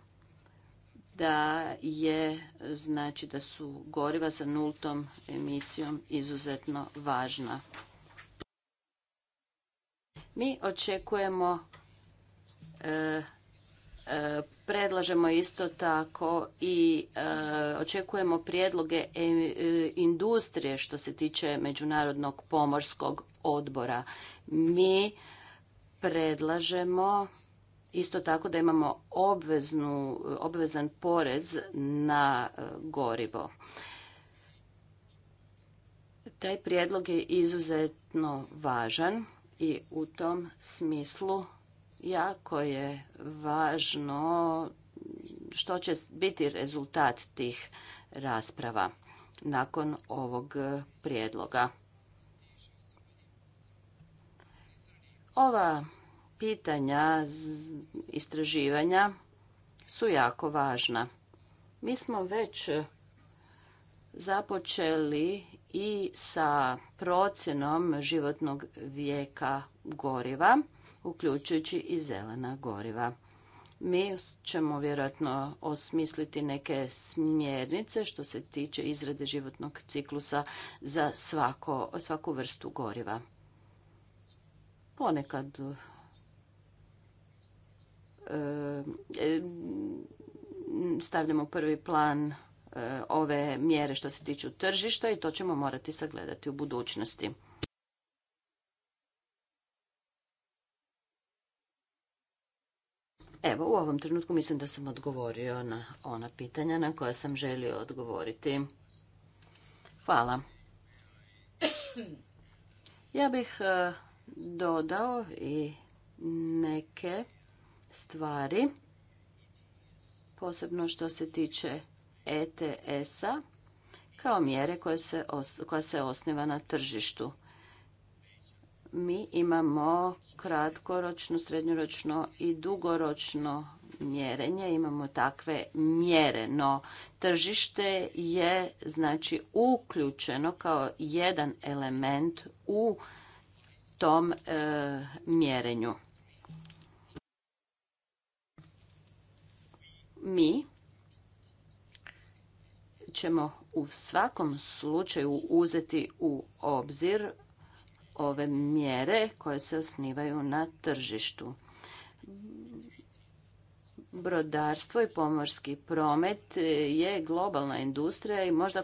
da je znači da su goriva sa nultom emisijom izuzetno važna. Mi očekujemo e, e, predlažemo isto tako i e, očekujemo prijedloge industrije što se tiče međunarodnog pomorskog odbora. Mi predlažemo Isto tako da imamo obvezan porez na e, gorivo. Taj prijedlog je izuzetno važan i u tom smislu jako je važno što će biti rezultat tih rasprava nakon ovog prijedloga. Ova pitanja istraživanja su jako važna. Mi smo već započeli i sa procjenom životnog vijeka goriva, uključujući i zelena goriva. Mi ćemo vjerojatno osmisliti neke smjernice što se tiče izrade životnog ciklusa za svako, svaku vrstu goriva. Ponekad E, stavljamo prvi plan e, ove mjere što se tiču tržišta i to ćemo morati sagledati u budućnosti. Evo, u ovom trenutku mislim da sam odgovorio na ona pitanja na koja sam želio odgovoriti. Hvala. Ja bih e, dodao i neke stvari, posebno što se tiče ETS-a, kao mjere koja se, osniva na tržištu. Mi imamo kratkoročno, srednjoročno i dugoročno mjerenje, imamo takve mjere, no tržište je znači uključeno kao jedan element u tom e, mjerenju. mi ćemo u svakom slučaju uzeti u obzir ove mjere koje se osnivaju na tržištu. Brodarstvo i pomorski promet je globalna industrija i možda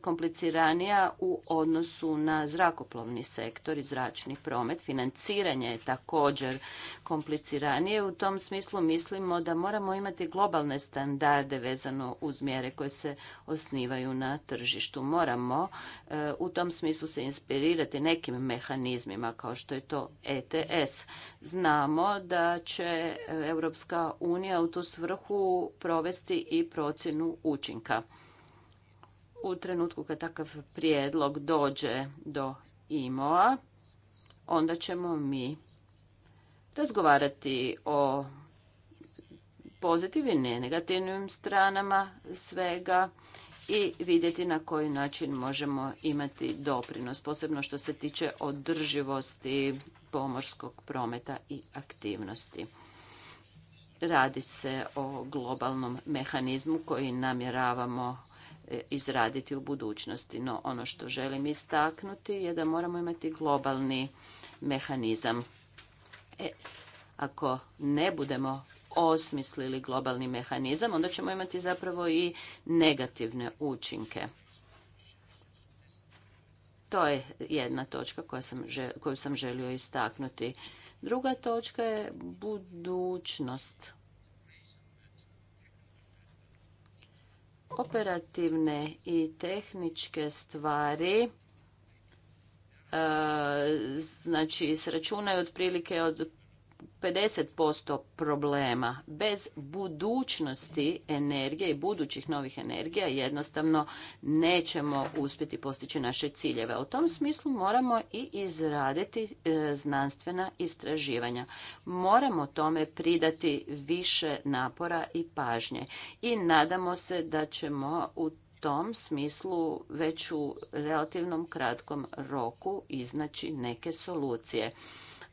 kompliciranija u odnosu na zrakoplovni sektor i zračni promet. Financiranje je također kompliciranije. U tom smislu mislimo da moramo imati globalne standarde vezano uz mjere koje se osnivaju na tržištu. Moramo e, u tom smislu se inspirirati nekim mehanizmima kao što je to ETS. Znamo da će EU Europska unija u tu svrhu provesti i procjenu učinka. U trenutku kad takav prijedlog dođe do IMO-a, onda ćemo mi razgovarati o pozitivnim i negativnim stranama svega i vidjeti na koji način možemo imati doprinos, posebno što se tiče održivosti pomorskog prometa i aktivnosti. Radi se o globalnom mehanizmu koji namjeravamo e, izraditi u budućnosti. No ono što želim istaknuti je da moramo imati globalni mehanizam. E, ako ne budemo osmislili globalni mehanizam, onda ćemo imati zapravo i negativne učinke. To je jedna točka koju sam želio istaknuti. Druga točka je budućnost. Operativne i tehničke stvari e, znači sračunaju otprilike od 50% problema. Bez budućnosti energije i budućih novih energija jednostavno nećemo uspjeti postići naše ciljeve. U tom smislu moramo i izraditi e, znanstvena istraživanja. Moramo tome pridati više napora i pažnje. I nadamo se da ćemo u tom smislu već u relativnom kratkom roku iznaći neke solucije.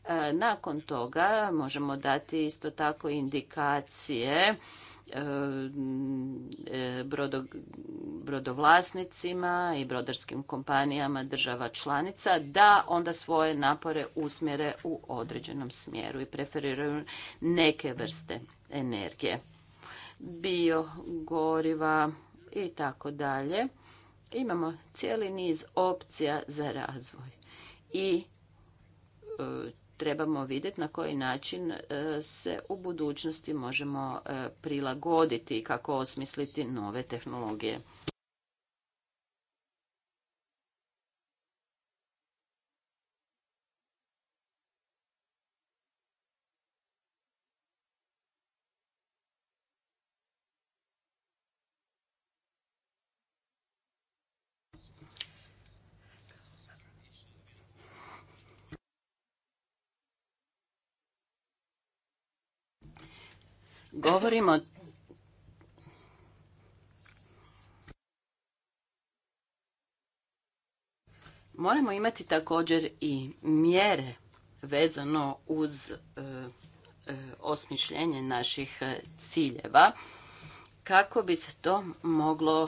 E, nakon toga možemo dati isto tako indikacije e, e, brodovlasnicima i brodarskim kompanijama država članica da onda svoje napore usmjere u određenom smjeru i preferiraju neke vrste energije, biogoriva i tako dalje. Imamo cijeli niz opcija za razvoj i trebamo vidjeti na koji način e, se u budućnosti možemo e, prilagoditi i kako osmisliti nove tehnologije. Govorimo Moramo imati također i mjere vezano uz e, e, osmišljenje naših e, ciljeva kako bi se to moglo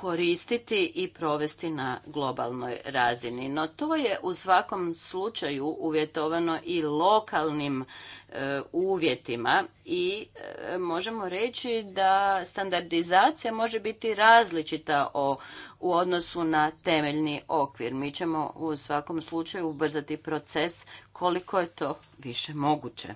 koristiti i provesti na globalnoj razini. No to je u svakom slučaju uvjetovano i lokalnim e, uvjetima i e, možemo reći da standardizacija može biti različita o, u odnosu na temeljni okvir. Mi ćemo u svakom slučaju ubrzati proces koliko je to više moguće.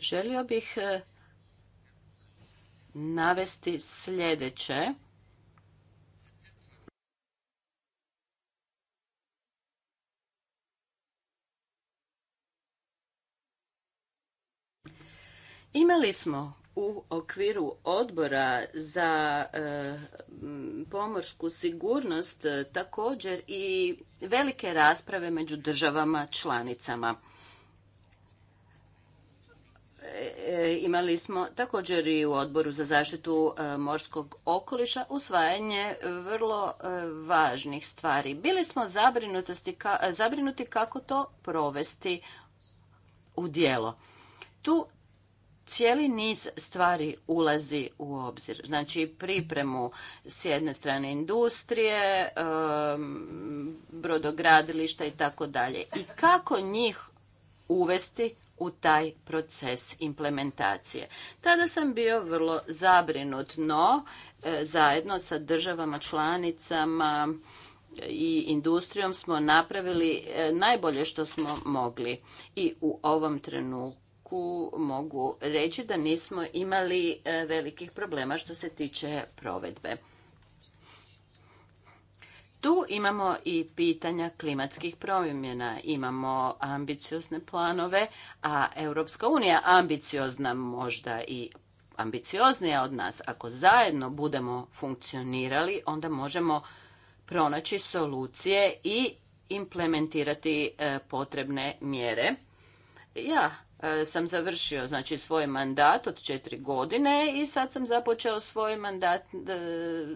Želio bih e, navesti sljedeće. Imali smo u okviru odbora za e, pomorsku sigurnost e, također i velike rasprave među državama članicama. E, imali smo također i u odboru za zaštitu e, morskog okoliša usvajanje e, vrlo važnih stvari. Bili smo zabrinuti kako to provesti u djelo. Tu cijeli niz stvari ulazi u obzir. Znači pripremu s jedne strane industrije, brodogradilišta i tako dalje. I kako njih uvesti u taj proces implementacije. Tada sam bio vrlo zabrinut, no e, zajedno sa državama članicama i industrijom smo napravili e, najbolje što smo mogli i u ovom trenutku mogu reći da nismo imali e, velikih problema što se tiče provedbe. Tu imamo i pitanja klimatskih promjena, imamo ambiciozne planove, a Europska unija ambiciozna možda i ambicioznija od nas. Ako zajedno budemo funkcionirali, onda možemo pronaći solucije i implementirati e, potrebne mjere. Ja E, sam završio znači svoj mandat od četiri godine i sad sam započeo svoj mandat e,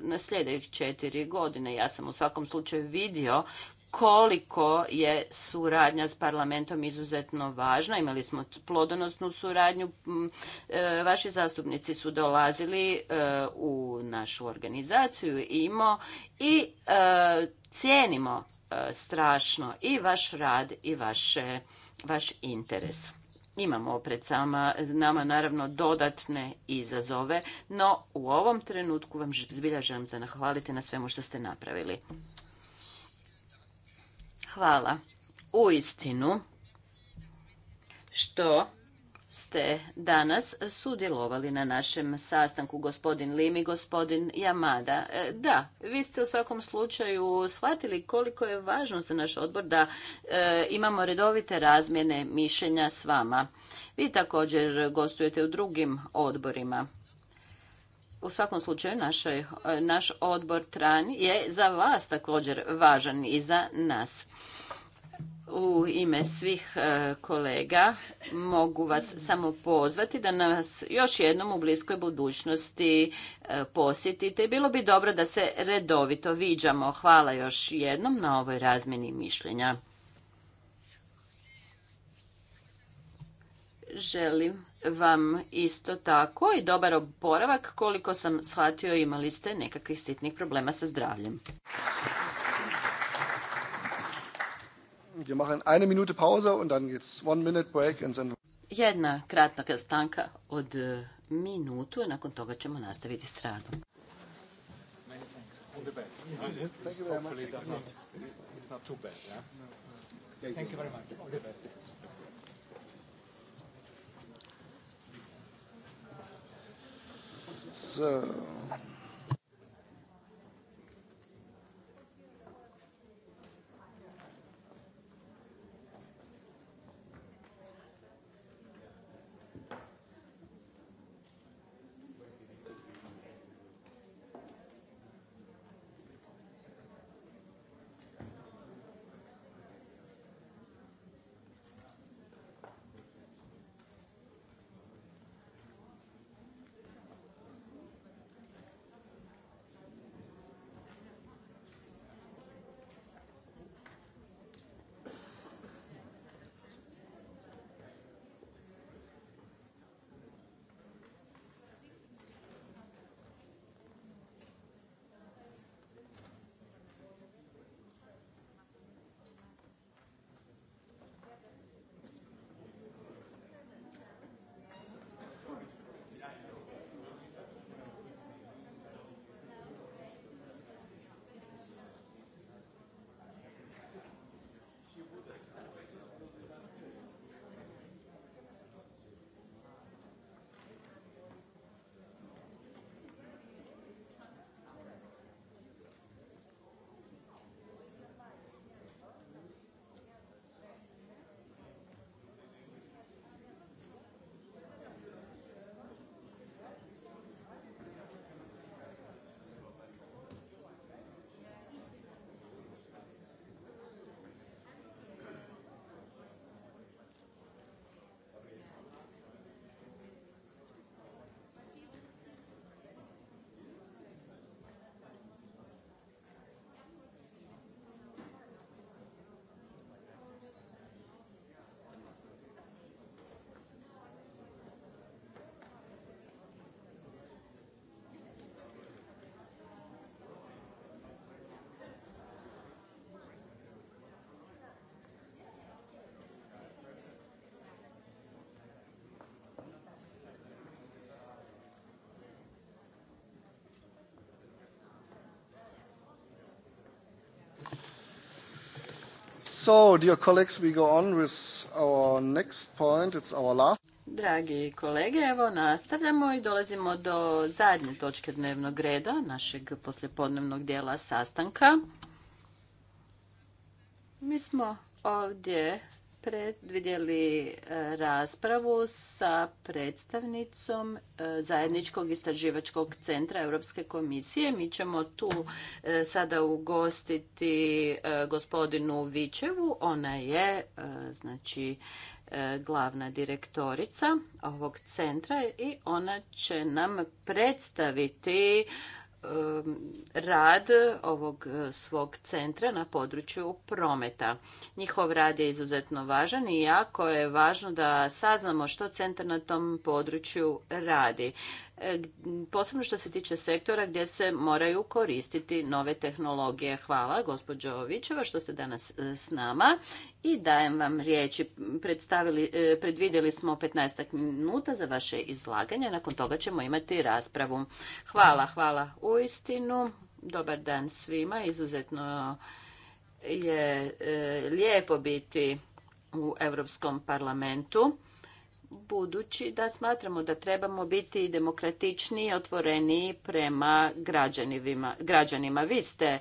na sljedećih četiri godine. Ja sam u svakom slučaju vidio koliko je suradnja s parlamentom izuzetno važna. Imali smo plodonosnu suradnju. E, vaši zastupnici su dolazili u našu organizaciju IMO i cijenimo strašno i vaš rad i vaše, vaš interes imamo pred sama, nama naravno dodatne izazove, no u ovom trenutku vam zbilja želim nahvaliti na svemu što ste napravili. Hvala. U istinu, što ste danas sudjelovali na našem sastanku, gospodin i gospodin Yamada. E, da, vi ste u svakom slučaju shvatili koliko je važno za naš odbor da e, imamo redovite razmjene mišljenja s vama. Vi također gostujete u drugim odborima. U svakom slučaju e, naš odbor TRAN je za vas također važan i za nas u ime svih e, kolega mogu vas samo pozvati da nas još jednom u bliskoj budućnosti e, posjetite. Bilo bi dobro da se redovito viđamo. Hvala još jednom na ovoj razmjeni mišljenja. Želim vam isto tako i dobar oporavak. Koliko sam shvatio imali ste nekakvih sitnih problema sa zdravljem. Wir machen eine Minute Pause und dann geht's one minute Jedna kratka stanka od e, minutu, a nakon toga ćemo nastaviti s radom. on with our Dragi kolege, evo nastavljamo i dolazimo do zadnje točke dnevnog reda našeg poslijepodnevnog dijela sastanka. Mi smo ovdje predvidjeli e, raspravu sa predstavnicom e, Zajedničkog istraživačkog centra Europske komisije. Mi ćemo tu e, sada ugostiti gospodinu Vičevu. Ona je znači glavna direktorica ovog centra i ona će nam predstaviti Um, rad ovog uh, svog centra na području prometa. Njihov rad je izuzetno važan i jako je važno da saznamo što centar na tom području radi. E, posebno što se tiče sektora gdje se moraju koristiti nove tehnologije. Hvala gospođo Vičeva što ste danas e, s nama i dajem vam riječi. E, predvidjeli smo 15 minuta za vaše izlaganje, nakon toga ćemo imati raspravu. Hvala, hvala u istinu. Dobar dan svima, izuzetno je lijepo biti u Europskom parlamentu budući da smatramo da trebamo biti demokratični i otvoreni prema građanima. Vi ste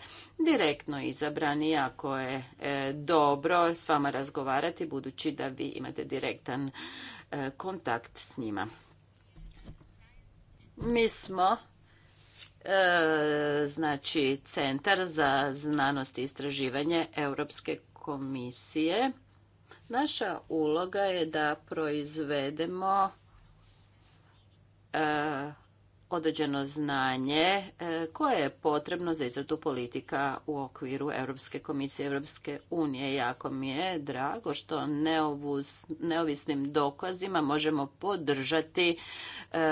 direktno izabrani, ako je e, dobro s vama razgovarati, budući da vi imate direktan e, kontakt s njima. Mi smo e, znači Centar za znanost i istraživanje Europske komisije Naša uloga je da proizvedemo e, određeno znanje e, koje je potrebno za izradu politika u okviru Europske komisije Europske unije. Jako mi je drago što neovisnim dokazima možemo podržati e,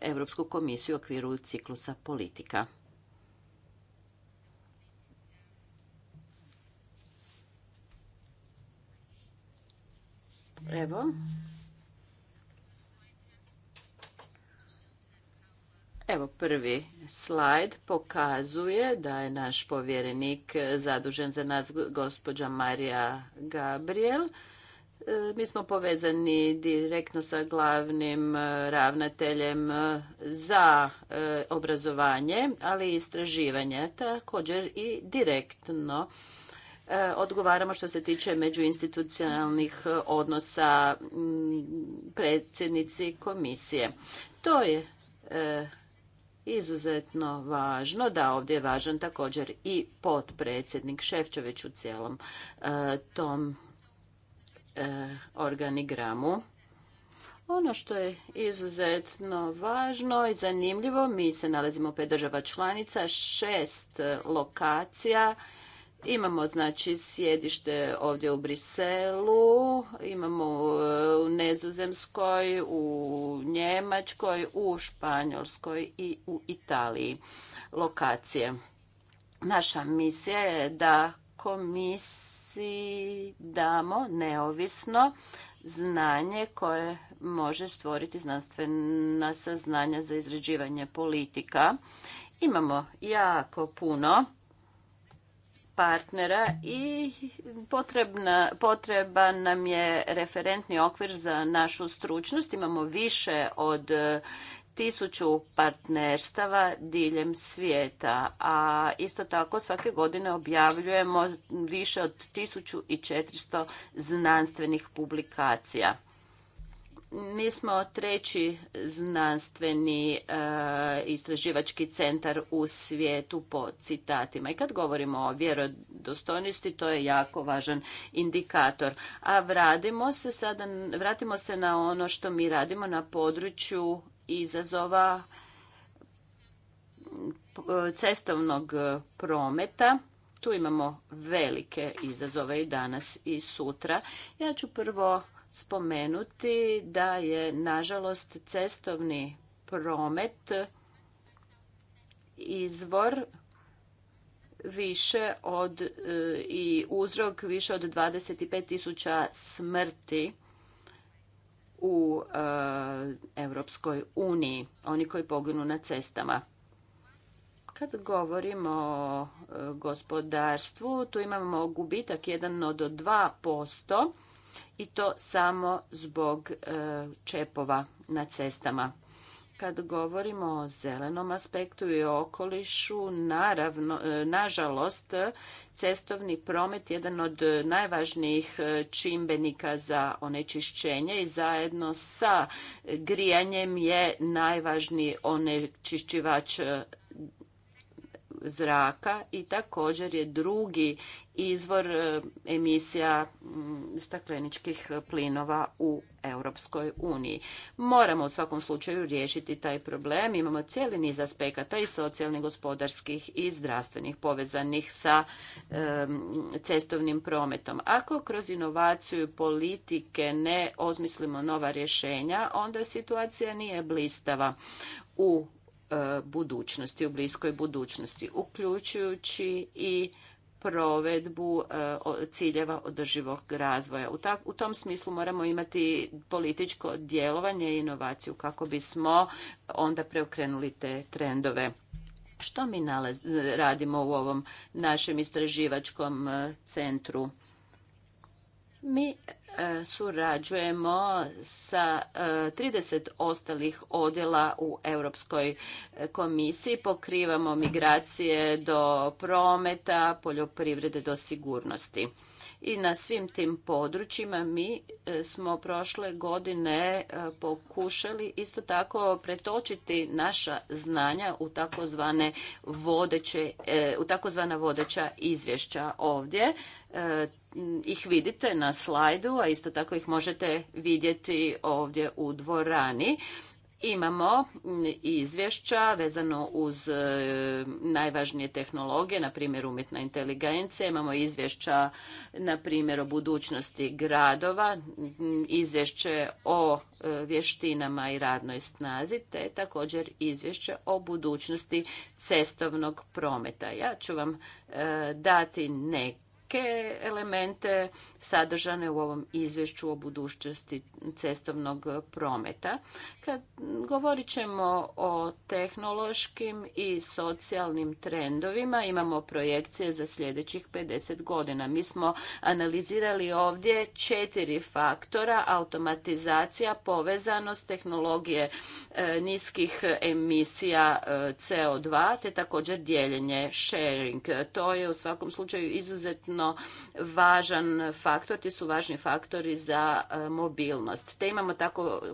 Europsku komisiju u okviru ciklusa politika. Evo. Evo prvi slajd pokazuje da je naš povjerenik zadužen za nas gospođa Marija Gabriel. E, mi smo povezani direktno sa glavnim e, ravnateljem e, za obrazovanje, ali i istraživanje, također i direktno E, odgovaramo što se tiče međuinstitucionalnih e, odnosa predsjednici komisije. To je e, izuzetno važno, da ovdje je važan također i potpredsjednik Ševčević u cijelom tom organigramu. Ono što je izuzetno važno i zanimljivo, mi se nalazimo u pet država članica, šest lokacija Imamo znači sjedište ovdje u Briselu, imamo e, u Nezozemskoj, u Njemačkoj, u Španjolskoj i u Italiji lokacije. Naša misija je da komisiji damo neovisno znanje koje može stvoriti znanstvena saznanja za izrađivanje politika. Imamo jako puno partnera i potrebna, potreba nam je referentni okvir za našu stručnost. Imamo više od e, tisuću partnerstava diljem svijeta, a isto tako svake godine objavljujemo više od 1400 znanstvenih publikacija. Mi smo treći znanstveni e, istraživački centar u svijetu po citatima. I kad govorimo o vjerodostojnosti, to je jako važan indikator. A vratimo se sada, vratimo se na ono što mi radimo na području izazova e, cestovnog prometa. Tu imamo velike izazove i danas i sutra. Ja ću prvo spomenuti da je nažalost cestovni promet izvor više od e, i uzrok više od 25.000 smrti u e, Europskoj uniji, oni koji poginu na cestama. Kad govorimo o e, gospodarstvu, tu imamo gubitak 1 do 2%, i to samo zbog e, čepova na cestama. Kad govorimo o zelenom aspektu i okolišu, naravno, e, nažalost, cestovni promet je jedan od najvažnijih e, čimbenika za onečišćenje i zajedno sa grijanjem je najvažniji onečišćivač zraka i također je drugi izvor e, emisija mm, stakleničkih plinova u Europskoj uniji. Moramo u svakom slučaju riješiti taj problem. Imamo cijeli niz aspekata i socijalnih, gospodarskih i zdravstvenih povezanih sa cestovnim prometom. Ako kroz inovaciju politike ne ozmislimo nova rješenja, onda situacija nije blistava u E, budućnosti, u bliskoj budućnosti, uključujući i provedbu e, ciljeva održivog razvoja. U tom smislu moramo imati političko djelovanje i inovaciju kako bismo onda preokrenuli te trendove. Što mi radimo u ovom našem istraživačkom e, centru? Mi E, surađujemo sa 30 e, ostalih odjela u Europskoj komisiji. Pokrivamo migracije do prometa, poljoprivrede do sigurnosti i na svim tim područjima mi e, smo prošle godine e, pokušali isto tako pretočiti naša znanja u takozvane vodeće e, u takozvana vodeća izvješća ovdje ih vidite na slajdu a isto tako ih možete vidjeti ovdje u dvorani Imamo izvješća vezano uz e, najvažnije tehnologije, na primjer umjetna inteligencija, imamo izvješća na primjer o budućnosti gradova, izvješće o e, vještinama i radnoj snazi, te također izvješće o budućnosti cestovnog prometa. Ja ću vam e, dati neke elemente sadržane u ovom izvješću o budućnosti cestovnog prometa. Kad govorit ćemo o tehnološkim i socijalnim trendovima, imamo projekcije za sljedećih 50 godina. Mi smo analizirali ovdje četiri faktora, automatizacija, povezanost tehnologije e, niskih emisija e, CO2, te također dijeljenje, sharing. To je u svakom slučaju izuzetno važan faktor, ti su važni faktori za e, mobilnost. Te imamo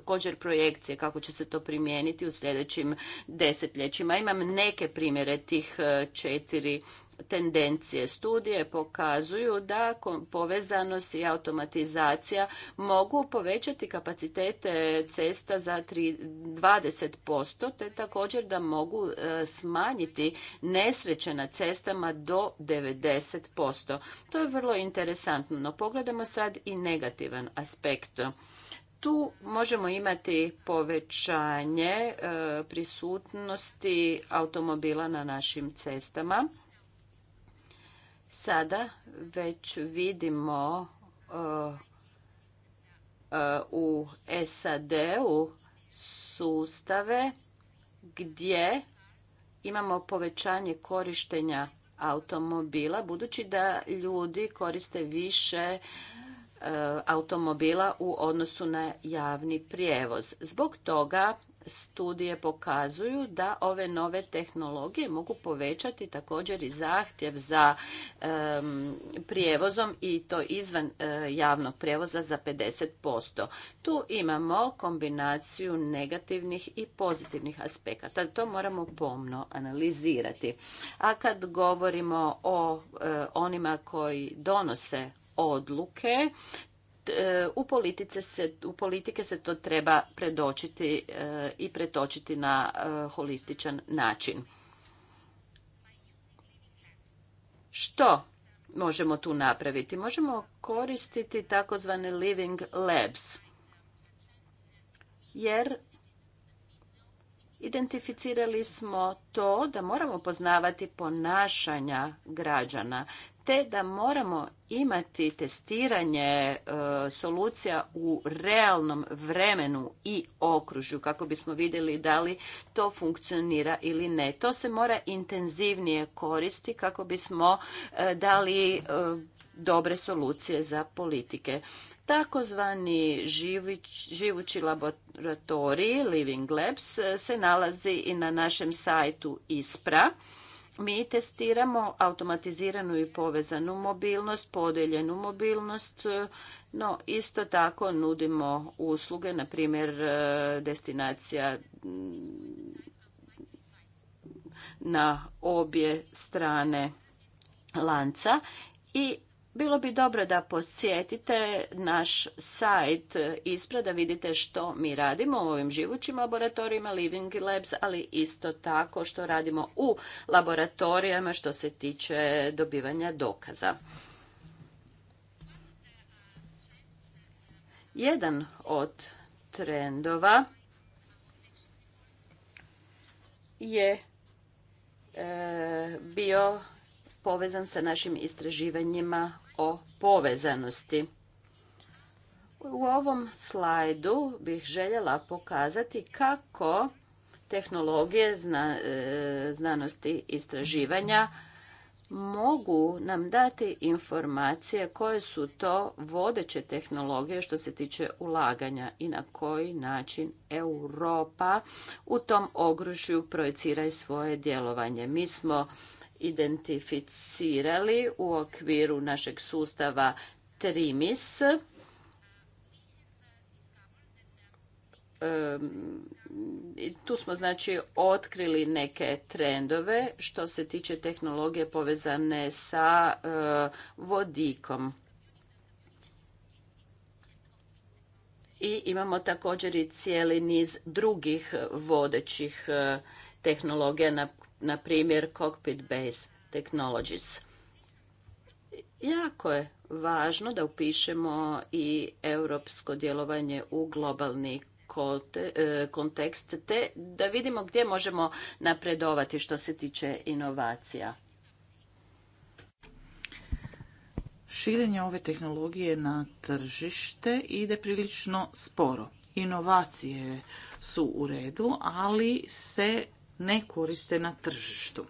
kođer projekcije kako će se to primijeniti u sljedećim desetljećima. Imam neke primjere tih e, četiri tendencije. Studije pokazuju da povezanost i automatizacija mogu povećati kapacitete cesta za 20%, te također da mogu e, smanjiti nesreće na cestama do 90%. To je vrlo interesantno, no pogledamo sad i negativan aspekt tu možemo imati povećanje e, prisutnosti automobila na našim cestama Sada već vidimo e, e, u SAD-u sustave gdje imamo povećanje korištenja automobila budući da ljudi koriste više e, automobila u odnosu na javni prijevoz. Zbog toga studije pokazuju da ove nove tehnologije mogu povećati također i zahtjev za prijevozom i to izvan e, javnog prijevoza za 50%. Tu imamo kombinaciju negativnih i pozitivnih aspekata. To moramo pomno analizirati. A kad govorimo o e, onima koji donose odluke E, u, se, u politike se to treba predočiti e, i pretočiti na e, holističan način. Što možemo tu napraviti? Možemo koristiti takozvane living labs, jer identificirali smo to da moramo poznavati ponašanja građana te da moramo imati testiranje e, solucija u realnom vremenu i okružju kako bismo vidjeli da li to funkcionira ili ne. To se mora intenzivnije koristi kako bismo e, dali e, dobre solucije za politike. Takozvani živući laboratoriji Living Labs se nalazi i na našem sajtu ISPRA. Mi testiramo automatiziranu i povezanu mobilnost, podeljenu mobilnost, e, no isto tako nudimo usluge, na primjer e, destinacija mm, na obje strane lanca i bilo bi dobro da posjetite naš sajt ispred da vidite što mi radimo u ovim živućim laboratorijima Living Labs, ali isto tako što radimo u laboratorijama što se tiče dobivanja dokaza. Jedan od trendova je e, bio povezan sa našim istraživanjima o povezanosti. U ovom slajdu bih željela pokazati kako tehnologije e, znanosti istraživanja mogu nam dati informacije koje su to vodeće tehnologije što se tiče ulaganja i na koji način Europa u tom ogružju projecira svoje djelovanje. Mi smo identificirali u okviru našeg sustava TRIMIS. Tu smo znači otkrili neke trendove što se tiče tehnologije povezane sa e, vodikom. I imamo također i cijeli niz drugih vodećih e, tehnologija, na na primjer Cockpit Base Technologies. Jako je važno da upišemo i europsko djelovanje u globalni e, kontekst te da vidimo gdje možemo napredovati što se tiče inovacija. Širenje ove tehnologije na tržište ide prilično sporo. Inovacije su u redu, ali se ne koriste na tržištu.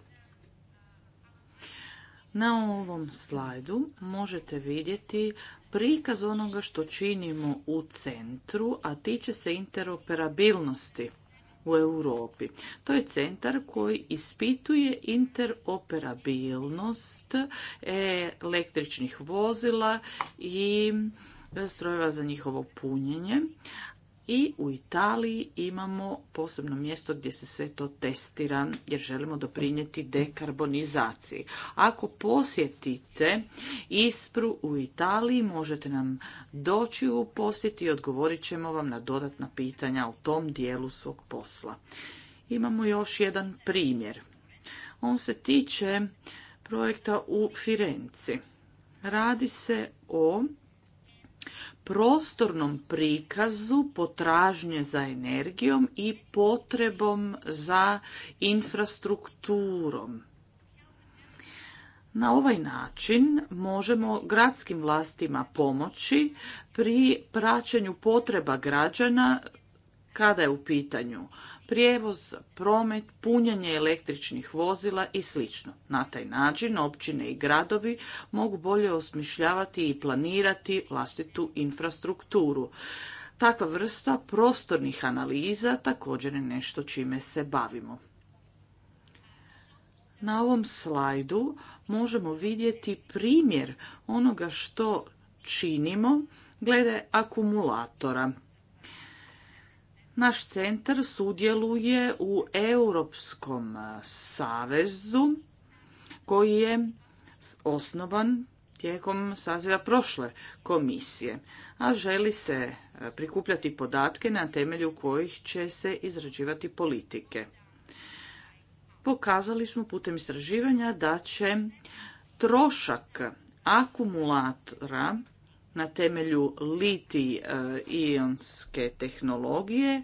Na ovom slajdu možete vidjeti prikaz onoga što činimo u centru, a tiče se interoperabilnosti u Europi. To je centar koji ispituje interoperabilnost e, električnih vozila i strojeva za njihovo punjenje, i u Italiji imamo posebno mjesto gdje se sve to testira jer želimo doprinijeti dekarbonizaciji. Ako posjetite Ispru u Italiji možete nam doći u posjet i odgovorit ćemo vam na dodatna pitanja u tom dijelu svog posla. Imamo još jedan primjer. On se tiče projekta u Firenci. Radi se o prostornom prikazu potražnje za energijom i potrebom za infrastrukturom. Na ovaj način možemo gradskim vlastima pomoći pri praćenju potreba građana kada je u pitanju prijevoz, promet, punjenje električnih vozila i sl. Na taj način općine i gradovi mogu bolje osmišljavati i planirati vlastitu infrastrukturu. Takva vrsta prostornih analiza također je nešto čime se bavimo. Na ovom slajdu možemo vidjeti primjer onoga što činimo glede akumulatora. Naš centar sudjeluje u Europskom e, savezu koji je osnovan tijekom saziva prošle komisije, a želi se e, prikupljati podatke na temelju kojih će se izrađivati politike. Pokazali smo putem istraživanja da će trošak akumulatora na temelju liti-ionske e, tehnologije e,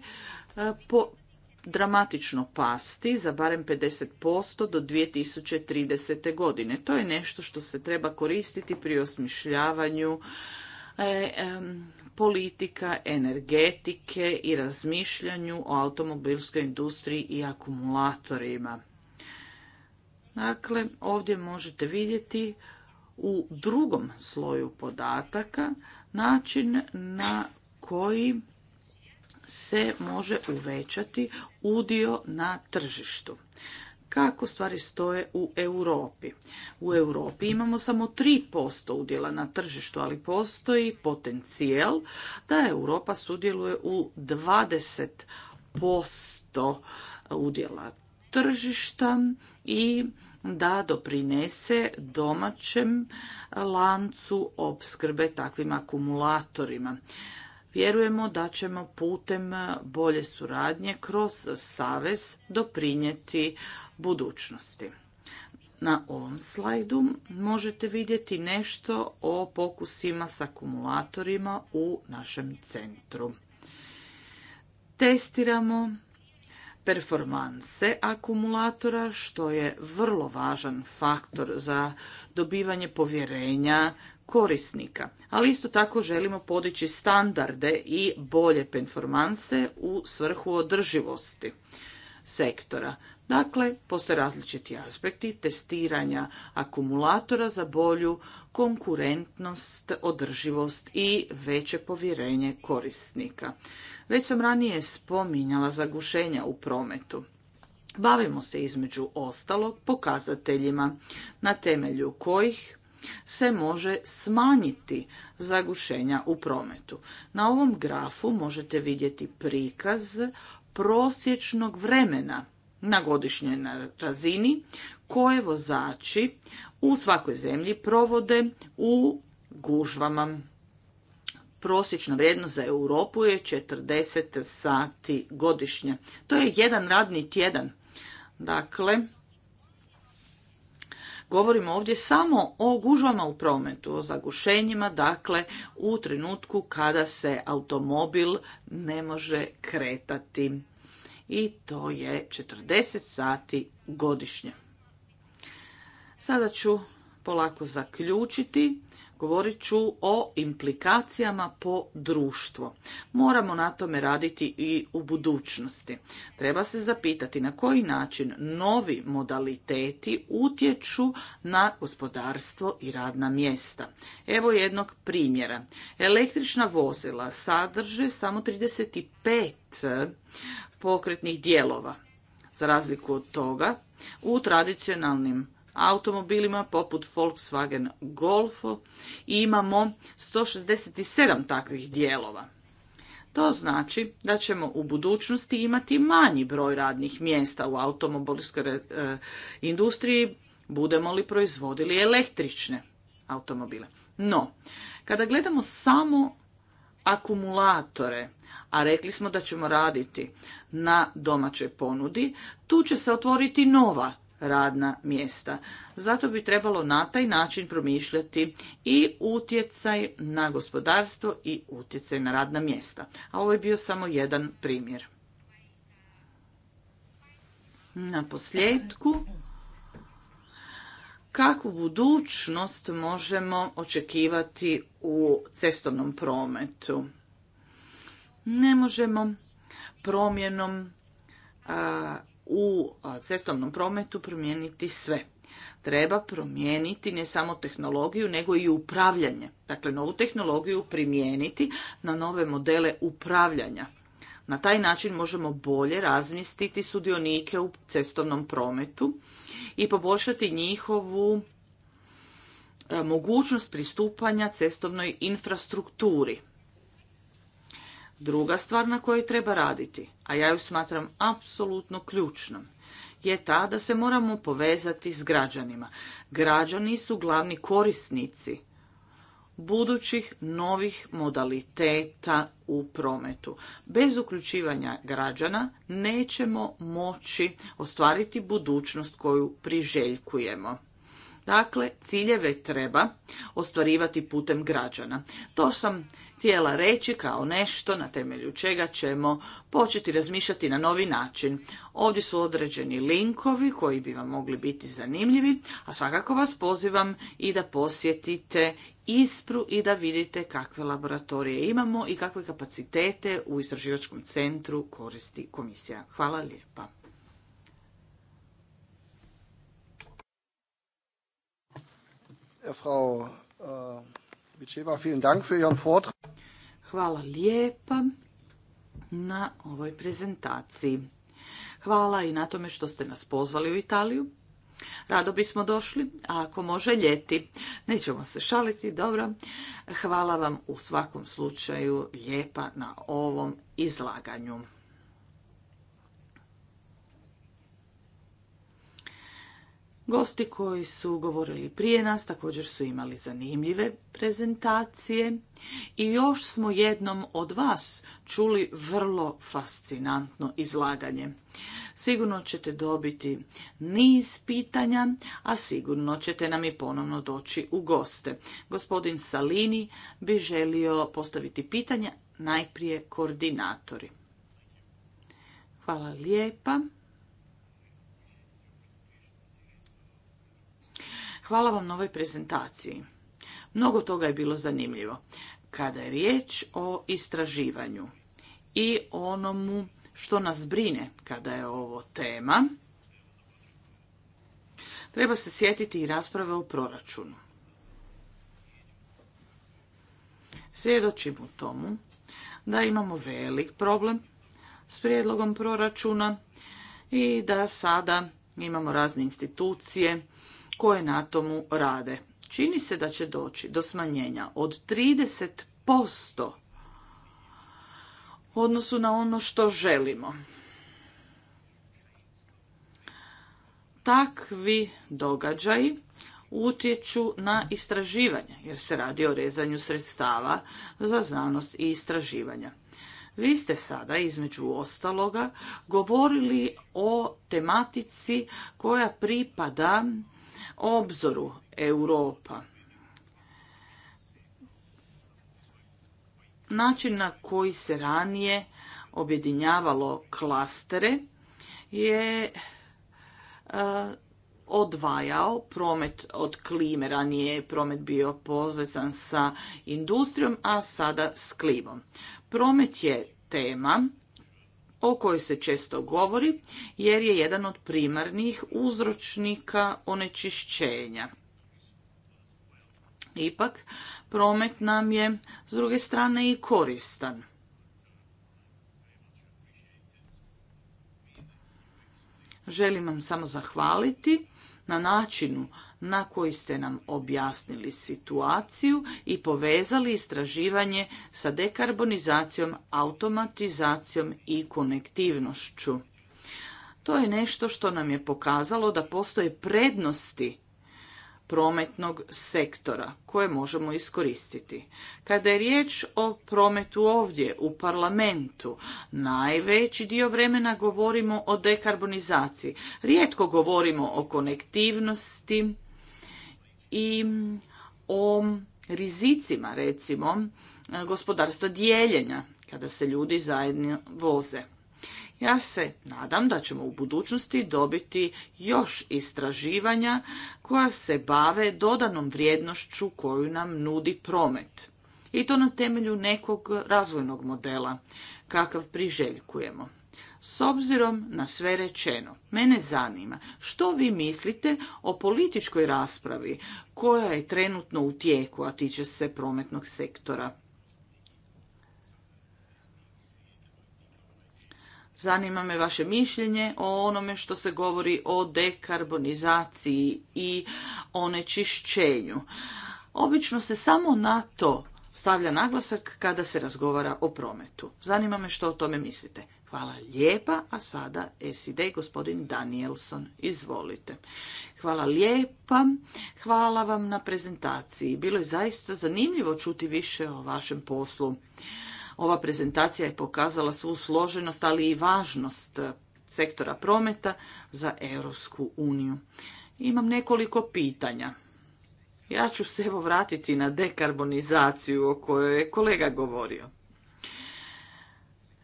po dramatično pasti za barem 50% do 2030. godine. To je nešto što se treba koristiti pri osmišljavanju e, politika, energetike i razmišljanju o automobilskoj industriji i akumulatorima. Dakle, ovdje možete vidjeti u drugom sloju podataka način na koji se može uvećati udio na tržištu. Kako stvari stoje u Europi? U Europi imamo samo 3% udjela na tržištu, ali postoji potencijal da Europa sudjeluje u 20% udjela tržišta i da doprinese domaćem lancu opskrbe takvim akumulatorima. Vjerujemo da ćemo putem bolje suradnje kroz savez doprinijeti budućnosti. Na ovom slajdu možete vidjeti nešto o pokusima s akumulatorima u našem centru. Testiramo performanse akumulatora, što je vrlo važan faktor za dobivanje povjerenja korisnika. Ali isto tako želimo podići standarde i bolje performanse u svrhu održivosti sektora. Dakle, postoje različiti aspekti testiranja akumulatora za bolju konkurentnost, održivost i veće povjerenje korisnika. Već sam ranije spominjala zagušenja u prometu. Bavimo se između ostalog pokazateljima na temelju kojih se može smanjiti zagušenja u prometu. Na ovom grafu možete vidjeti prikaz prosječnog vremena na godišnjoj razini koje vozači u svakoj zemlji provode u gužvama prosječna vrijednost za Europu je 40 sati godišnje. To je jedan radni tjedan. Dakle, govorimo ovdje samo o gužvama u prometu, o zagušenjima, dakle u trenutku kada se automobil ne može kretati. I to je 40 sati godišnje. Sada ću polako zaključiti Govorit ću o implikacijama po društvo. Moramo na tome raditi i u budućnosti. Treba se zapitati na koji način novi modaliteti utječu na gospodarstvo i radna mjesta. Evo jednog primjera. Električna vozila sadrže samo 35 pokretnih dijelova. Za razliku od toga, u tradicionalnim automobilima poput Volkswagen Golfo i imamo 167 takvih dijelova. To znači da ćemo u budućnosti imati manji broj radnih mjesta u automobilskoj e, industriji, budemo li proizvodili električne automobile. No, kada gledamo samo akumulatore, a rekli smo da ćemo raditi na domaćoj ponudi, tu će se otvoriti nova radna mjesta. Zato bi trebalo na taj način promišljati i utjecaj na gospodarstvo i utjecaj na radna mjesta. A ovo je bio samo jedan primjer. Na posljedku, kakvu budućnost možemo očekivati u cestovnom prometu? Ne možemo promjenom u cestovnom prometu promijeniti sve. Treba promijeniti ne samo tehnologiju, nego i upravljanje. Dakle, novu tehnologiju primijeniti na nove modele upravljanja. Na taj način možemo bolje razmjestiti sudionike u cestovnom prometu i poboljšati njihovu e, mogućnost pristupanja cestovnoj infrastrukturi. Druga stvar na kojoj treba raditi, a ja ju smatram apsolutno ključnom, je ta da se moramo povezati s građanima. Građani su glavni korisnici budućih novih modaliteta u prometu. Bez uključivanja građana nećemo moći ostvariti budućnost koju priželjkujemo. Dakle, ciljeve treba ostvarivati putem građana. To sam tijela reći kao nešto na temelju čega ćemo početi razmišljati na novi način. Ovdje su određeni linkovi koji bi vam mogli biti zanimljivi, a svakako vas pozivam i da posjetite Ispru i da vidite kakve laboratorije imamo i kakve kapacitete u istraživačkom centru koristi komisija. Hvala lijepa. Frau eh, Hvala lijepa na ovoj prezentaciji. Hvala i na tome što ste nas pozvali u Italiju. Rado bismo došli, a ako može ljeti. Nećemo se šaliti, dobro. Hvala vam u svakom slučaju lijepa na ovom izlaganju. Gosti koji su govorili prije nas također su imali zanimljive prezentacije i još smo jednom od vas čuli vrlo fascinantno izlaganje. Sigurno ćete dobiti niz pitanja, a sigurno ćete nam i ponovno doći u goste. Gospodin Salini bi želio postaviti pitanja najprije koordinatori. Hvala lijepa. Hvala vam na ovoj prezentaciji. Mnogo toga je bilo zanimljivo. Kada je riječ o istraživanju i onomu što nas brine kada je ovo tema, treba se sjetiti i rasprave o proračunu. u tomu da imamo velik problem s prijedlogom proračuna i da sada imamo razne institucije koje na tomu rade. Čini se da će doći do smanjenja od 30% u odnosu na ono što želimo. Takvi događaji utječu na istraživanje, jer se radi o rezanju sredstava za znanost i istraživanja. Vi ste sada, između ostaloga, govorili o tematici koja pripada obzoru Europa. Način na koji se ranije objedinjavalo klastere je e, odvajao promet od klime. Ranije je promet bio povezan sa industrijom, a sada s klimom. Promet je tema o kojoj se često govori jer je jedan od primarnih uzročnika onečišćenja. Ipak, promet nam je s druge strane i koristan. Želim vam samo zahvaliti na načinu na koji ste nam objasnili situaciju i povezali istraživanje sa dekarbonizacijom, automatizacijom i konektivnošću. To je nešto što nam je pokazalo da postoje prednosti prometnog sektora koje možemo iskoristiti. Kada je riječ o prometu ovdje u parlamentu, najveći dio vremena govorimo o dekarbonizaciji. Rijetko govorimo o konektivnosti, i o rizicima, recimo, gospodarstva dijeljenja kada se ljudi zajedno voze. Ja se nadam da ćemo u budućnosti dobiti još istraživanja koja se bave dodanom vrijednošću koju nam nudi promet. I to na temelju nekog razvojnog modela, kakav priželjkujemo. S obzirom na sve rečeno, mene zanima što vi mislite o političkoj raspravi koja je trenutno u tijeku, a tiče se prometnog sektora. Zanima me vaše mišljenje o onome što se govori o dekarbonizaciji i onečišćenju. Obično se samo na to stavlja naglasak kada se razgovara o prometu. Zanima me što o tome mislite. Hvala lijepa, a sada SID gospodin Danielson. Izvolite. Hvala lijepa, hvala vam na prezentaciji. Bilo je zaista zanimljivo čuti više o vašem poslu. Ova prezentacija je pokazala svu složenost, ali i važnost sektora prometa za Europsku uniju. Imam nekoliko pitanja. Ja ću se evo vratiti na dekarbonizaciju o kojoj je kolega govorio.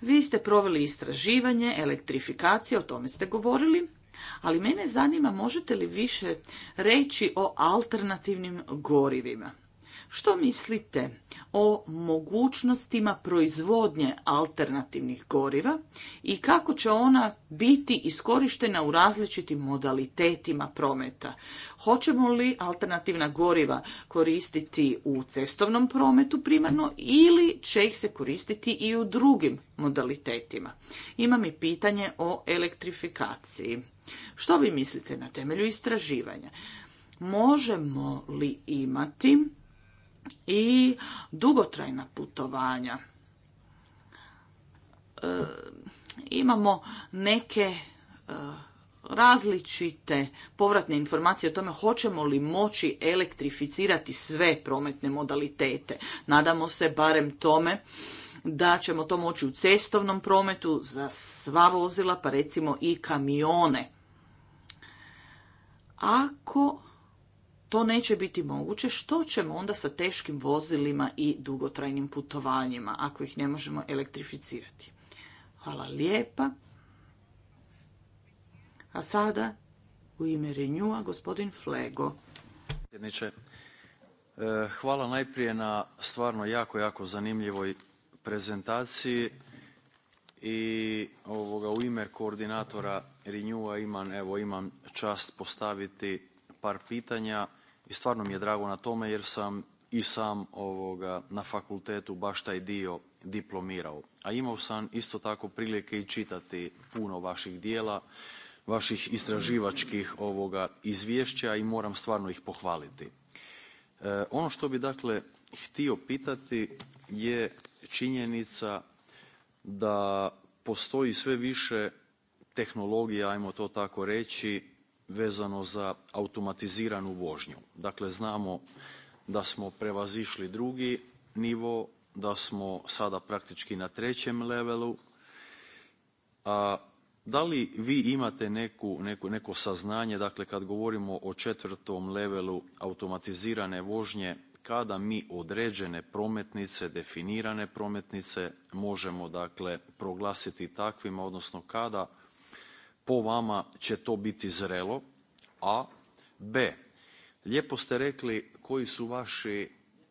Vi ste proveli istraživanje, elektrifikacije, o tome ste govorili, ali mene zanima možete li više reći o alternativnim gorivima. Što mislite o mogućnostima proizvodnje alternativnih goriva i kako će ona biti iskorištena u različitim modalitetima prometa? Hoćemo li alternativna goriva koristiti u cestovnom prometu primarno ili će ih se koristiti i u drugim modalitetima? Imam i pitanje o elektrifikaciji. Što vi mislite na temelju istraživanja? Možemo li imati i dugotrajna putovanja. E, imamo neke e, različite povratne informacije o tome hoćemo li moći elektrificirati sve prometne modalitete. Nadamo se barem tome da ćemo to moći u cestovnom prometu za sva vozila, pa recimo i kamione. Ako to neće biti moguće, što ćemo onda sa teškim vozilima i dugotrajnim putovanjima ako ih ne možemo elektrificirati? Hvala lijepa. A sada u ime Renjua gospodin Flego. E, hvala najprije na stvarno jako, jako zanimljivoj prezentaciji i ovoga u ime koordinatora Renewa imam, evo imam čast postaviti par pitanja i stvarno mi je drago na tome jer sam i sam ovoga na fakultetu baš taj dio diplomirao. A imao sam isto tako prilike i čitati puno vaših dijela, vaših istraživačkih ovoga izvješća i moram stvarno ih pohvaliti. E, ono što bi dakle htio pitati je činjenica da postoji sve više tehnologija, ajmo to tako reći, vezano za automatiziranu vožnju. Dakle, znamo da smo prevazišli drugi nivo, da smo sada praktički na trećem levelu. A da li vi imate neku, neko saznanje, dakle kad govorimo o četvrtom levelu automatizirane vožnje, kada mi određene prometnice, definirane prometnice možemo dakle proglasiti takvima, odnosno kada po vama će to biti zrelo? A. B. Lijepo ste rekli koji su vaši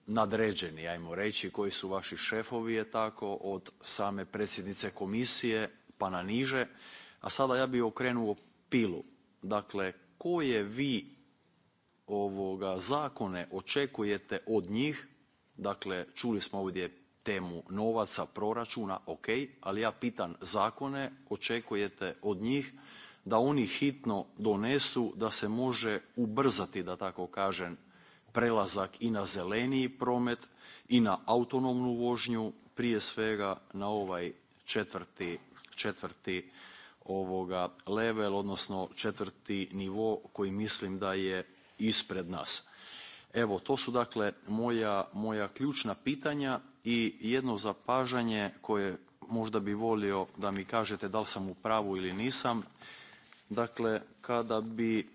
nadređeni, ajmo reći, koji su vaši šefovi je tako, od same predsjednice komisije pa na niže. A sada ja bih okrenuo pilu. Dakle, koje vi ovoga zakone očekujete od njih, dakle čuli smo ovdje temu novaca, proračuna, ok, ali ja pitam zakone, očekujete od njih da oni hitno donesu da se može ubrzati, da tako kažem, prelazak i na zeleniji promet i na autonomnu vožnju, prije svega na ovaj četvrti, četvrti ovoga level, odnosno četvrti nivo koji mislim da je ispred nas. Evo, to su dakle moja, moja ključna pitanja i jedno zapažanje koje možda bi volio da mi kažete da li sam u pravu ili nisam. Dakle, kada bi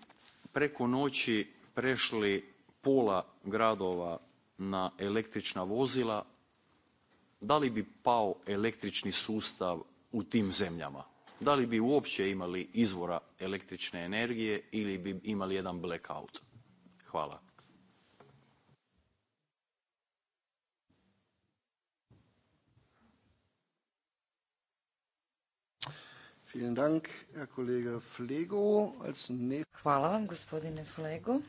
preko noći prešli pola gradova na električna vozila, da li bi pao električni sustav u tim zemljama? Da li bi uopće imali izvora električne energije ili bi imali jedan blackout? Hvala. Hvala vam, gospodine Flego.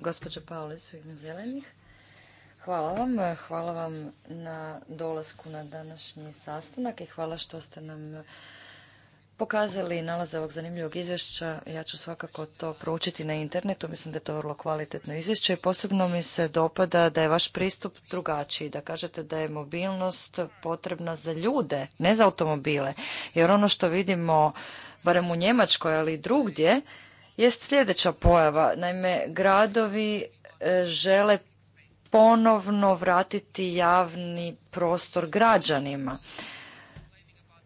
Gospođa Paulis u ime zelenih. Hvala vam. Hvala vam na dolasku na današnji sastanak i hvala što ste nam pokazali nalaze ovog zanimljivog izvješća. Ja ću svakako to proučiti na internetu. Mislim da je to vrlo kvalitetno izvješće i posebno mi se dopada da je vaš pristup drugačiji. Da kažete da je mobilnost potrebna za ljude, ne za automobile. Jer ono što vidimo, barem u Njemačkoj, ali i drugdje, jest sljedeća pojava. Naime, gradovi e, žele ponovno vratiti javni prostor građanima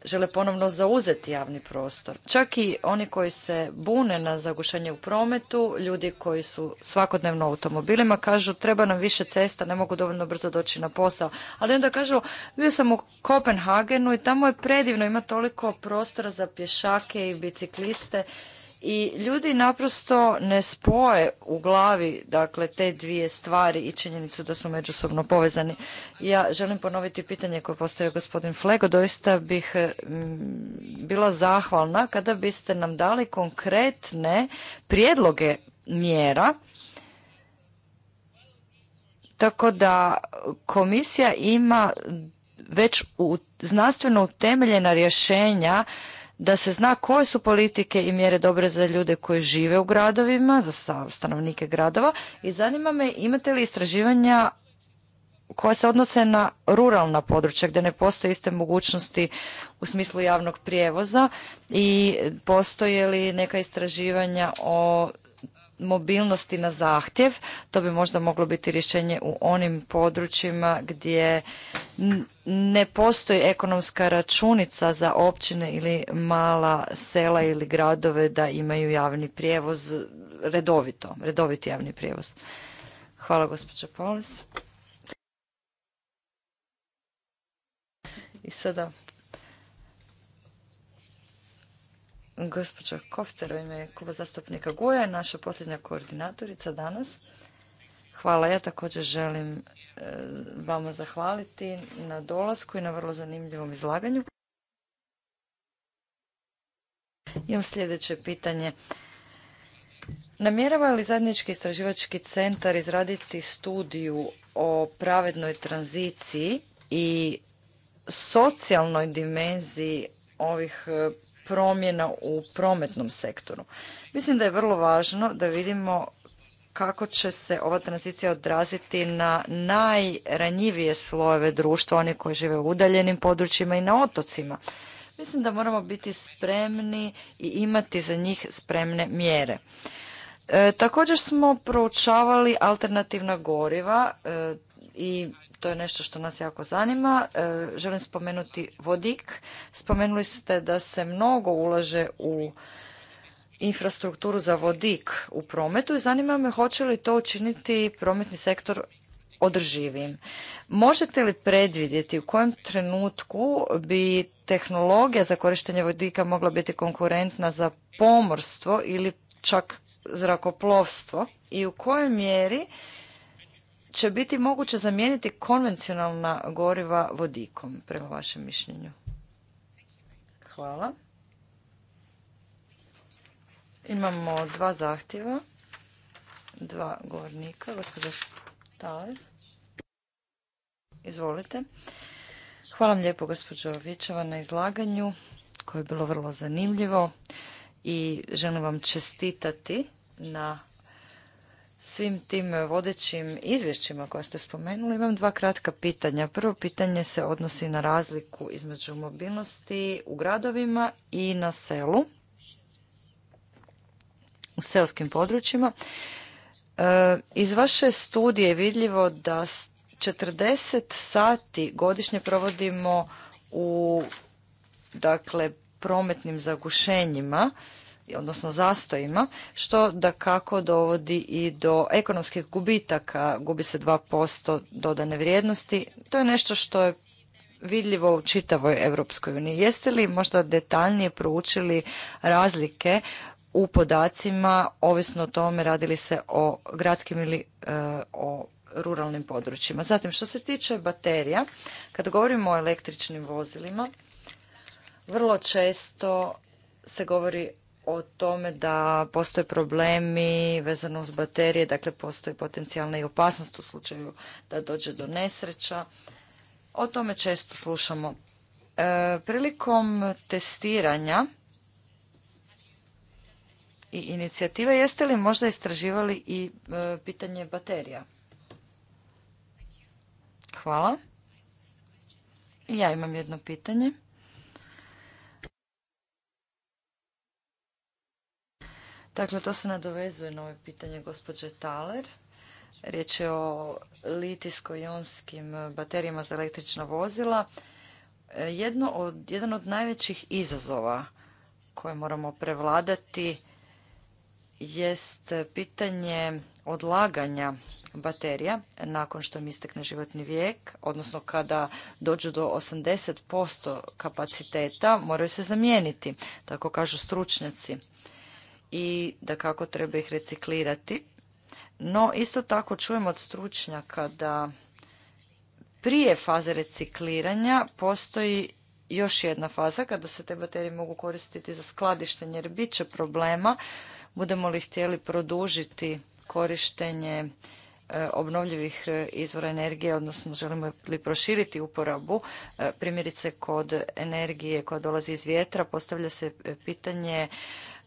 žele ponovno zauzeti javni prostor. Čak i oni koji se bune na zagušenje u prometu, ljudi koji su svakodnevno u automobilima, kažu treba nam više cesta, ne mogu dovoljno brzo doći na posao. Ali onda kažu, bio sam u Kopenhagenu i tamo je predivno, ima toliko prostora za pješake i bicikliste i ljudi naprosto ne spoje u glavi dakle te dvije stvari i činjenicu da su međusobno povezani. Ja želim ponoviti pitanje koje postavio gospodin Flego. Doista bih eh, bila zahvalna kada biste nam dali konkretne prijedloge mjera tako da komisija ima već znanstveno utemeljena rješenja da se zna koje su politike i mjere dobre za ljude koji žive u gradovima, za stanovnike gradova i zanima me imate li istraživanja koja se odnose na ruralna područja gdje ne postoje iste mogućnosti u smislu javnog prijevoza i postoje li neka istraživanja o mobilnosti na zahtjev. To bi možda moglo biti rješenje u onim područjima gdje ne postoji ekonomska računica za općine ili mala sela ili gradove da imaju javni prijevoz redovito, redoviti javni prijevoz. Hvala gospođo Polis. I sada gospođa Kofter u ime kluba zastupnika Guja, e, naša posljednja koordinatorica danas. Hvala, ja također želim e, vama zahvaliti na dolasku i na vrlo zanimljivom izlaganju. Imam sljedeće pitanje. Namjerava li zajednički istraživački centar izraditi studiju o pravednoj tranziciji i socijalnoj dimenziji ovih e, promjena u prometnom sektoru. Mislim da je vrlo važno da vidimo kako će se ova tranzicija odraziti na najranjivije slojeve društva, oni koji žive u udaljenim područjima i na otocima. Mislim da moramo biti spremni i imati za njih spremne mjere. E, također smo proučavali alternativna goriva e, i to je nešto što nas jako zanima. E, želim spomenuti vodik. Spomenuli ste da se mnogo ulaže u infrastrukturu za vodik u prometu i zanima me hoće li to učiniti prometni sektor održivim. Možete li predvidjeti u kojem trenutku bi tehnologija za korištenje vodika mogla biti konkurentna za pomorstvo ili čak zrakoplovstvo i u kojoj mjeri će biti moguće zamijeniti konvencionalna goriva vodikom, prema vašem mišljenju? Hvala. Imamo dva zahtjeva, dva govornika. Gospođa izvolite. Hvala vam lijepo gospođo Vičeva na izlaganju koje je bilo vrlo zanimljivo i želim vam čestitati na svim tim vodećim izvješćima koje ste spomenuli, imam dva kratka pitanja. Prvo pitanje se odnosi na razliku između mobilnosti u gradovima i na selu, u selskim područjima. E, iz vaše studije je vidljivo da 40 sati godišnje provodimo u dakle, prometnim zagušenjima odnosno zastojima, što da kako dovodi i do ekonomskih gubitaka, gubi se 2% dodane vrijednosti. To je nešto što je vidljivo u čitavoj Europskoj uniji. Jeste li možda detaljnije proučili razlike u podacima, ovisno o tome radili se o gradskim ili e, o ruralnim područjima. Zatim, što se tiče baterija, kad govorimo o električnim vozilima, vrlo često se govori o tome da postoje problemi vezano uz baterije, dakle postoji potencijalna i opasnost u slučaju da dođe do nesreća. O tome često slušamo. E, prilikom testiranja i inicijative, jeste li možda istraživali i e, pitanje baterija? Hvala. Ja imam jedno pitanje. Dakle, to se nadovezuje na ovo pitanje gospođe Taler. Riječ je o litijsko-ionskim baterijama za električna vozila. E, jedno od, jedan od najvećih izazova koje moramo prevladati jest pitanje odlaganja baterija nakon što im istekne životni vijek, odnosno kada dođu do 80% kapaciteta, moraju se zamijeniti, tako kažu stručnjaci i da kako treba ih reciklirati. No, isto tako čujem od stručnjaka da prije faze recikliranja postoji još jedna faza kada se te baterije mogu koristiti za skladištenje jer bit će problema budemo li htjeli produžiti korištenje e, obnovljivih e, izvora energije, odnosno želimo li proširiti uporabu. E, primjerice kod energije koja dolazi iz vjetra postavlja se pitanje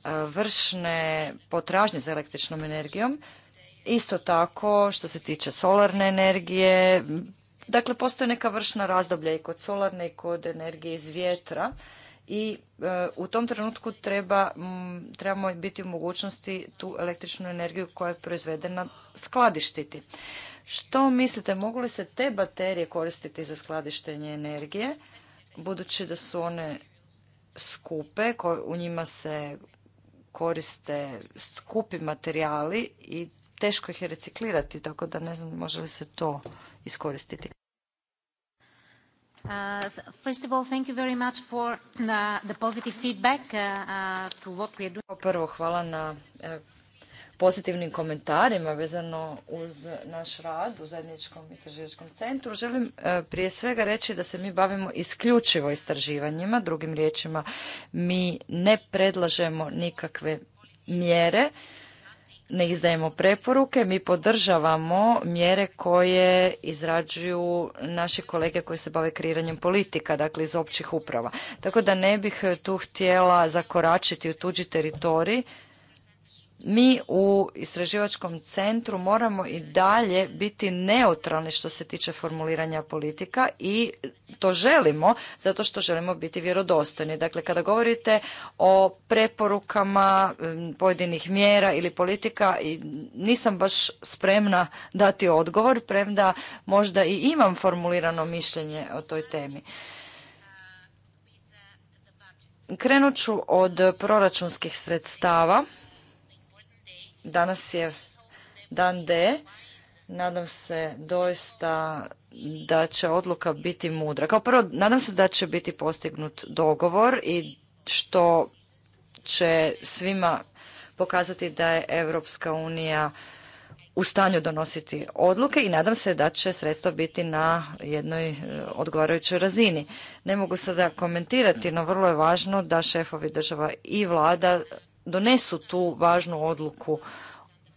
E, vršne potražnje za električnom energijom. Isto tako što se tiče solarne energije, dakle postoje neka vršna razdoblja i kod solarne i kod energije iz vjetra i e, u tom trenutku treba, trebamo biti u mogućnosti tu električnu energiju koja je proizvedena skladištiti. Što mislite, mogu li se te baterije koristiti za skladištenje energije, budući da su one skupe, u njima se koriste skupi materijali i teško ih je reciklirati, tako da ne znam može li se to iskoristiti. Uh, first of all, thank you very much for the, uh, the positive feedback uh, uh, to what we are doing. Prvo, hvala na uh, pozitivnim komentarima vezano uz naš rad u zajedničkom istraživačkom centru. Želim e, prije svega reći da se mi bavimo isključivo istraživanjima, drugim riječima mi ne predlažemo nikakve mjere, ne izdajemo preporuke, mi podržavamo mjere koje izrađuju naši kolege koji se bave kreiranjem politika, dakle iz općih uprava. Tako da ne bih tu htjela zakoračiti u tuđi teritorij mi u istraživačkom centru moramo i dalje biti neutralni što se tiče formuliranja politika i to želimo zato što želimo biti vjerodostojni. Dakle, kada govorite o preporukama pojedinih mjera ili politika, nisam baš spremna dati odgovor, premda možda i imam formulirano mišljenje o toj temi. Krenut ću od proračunskih sredstava Danas je dan D. Nadam se doista da će odluka biti mudra. Kao prvo, nadam se da će biti postignut dogovor i što će svima pokazati da je Europska unija u stanju donositi odluke i nadam se da će sredstva biti na jednoj e, odgovarajućoj razini. Ne mogu sada komentirati, no vrlo je važno da šefovi država i vlada donesu tu važnu odluku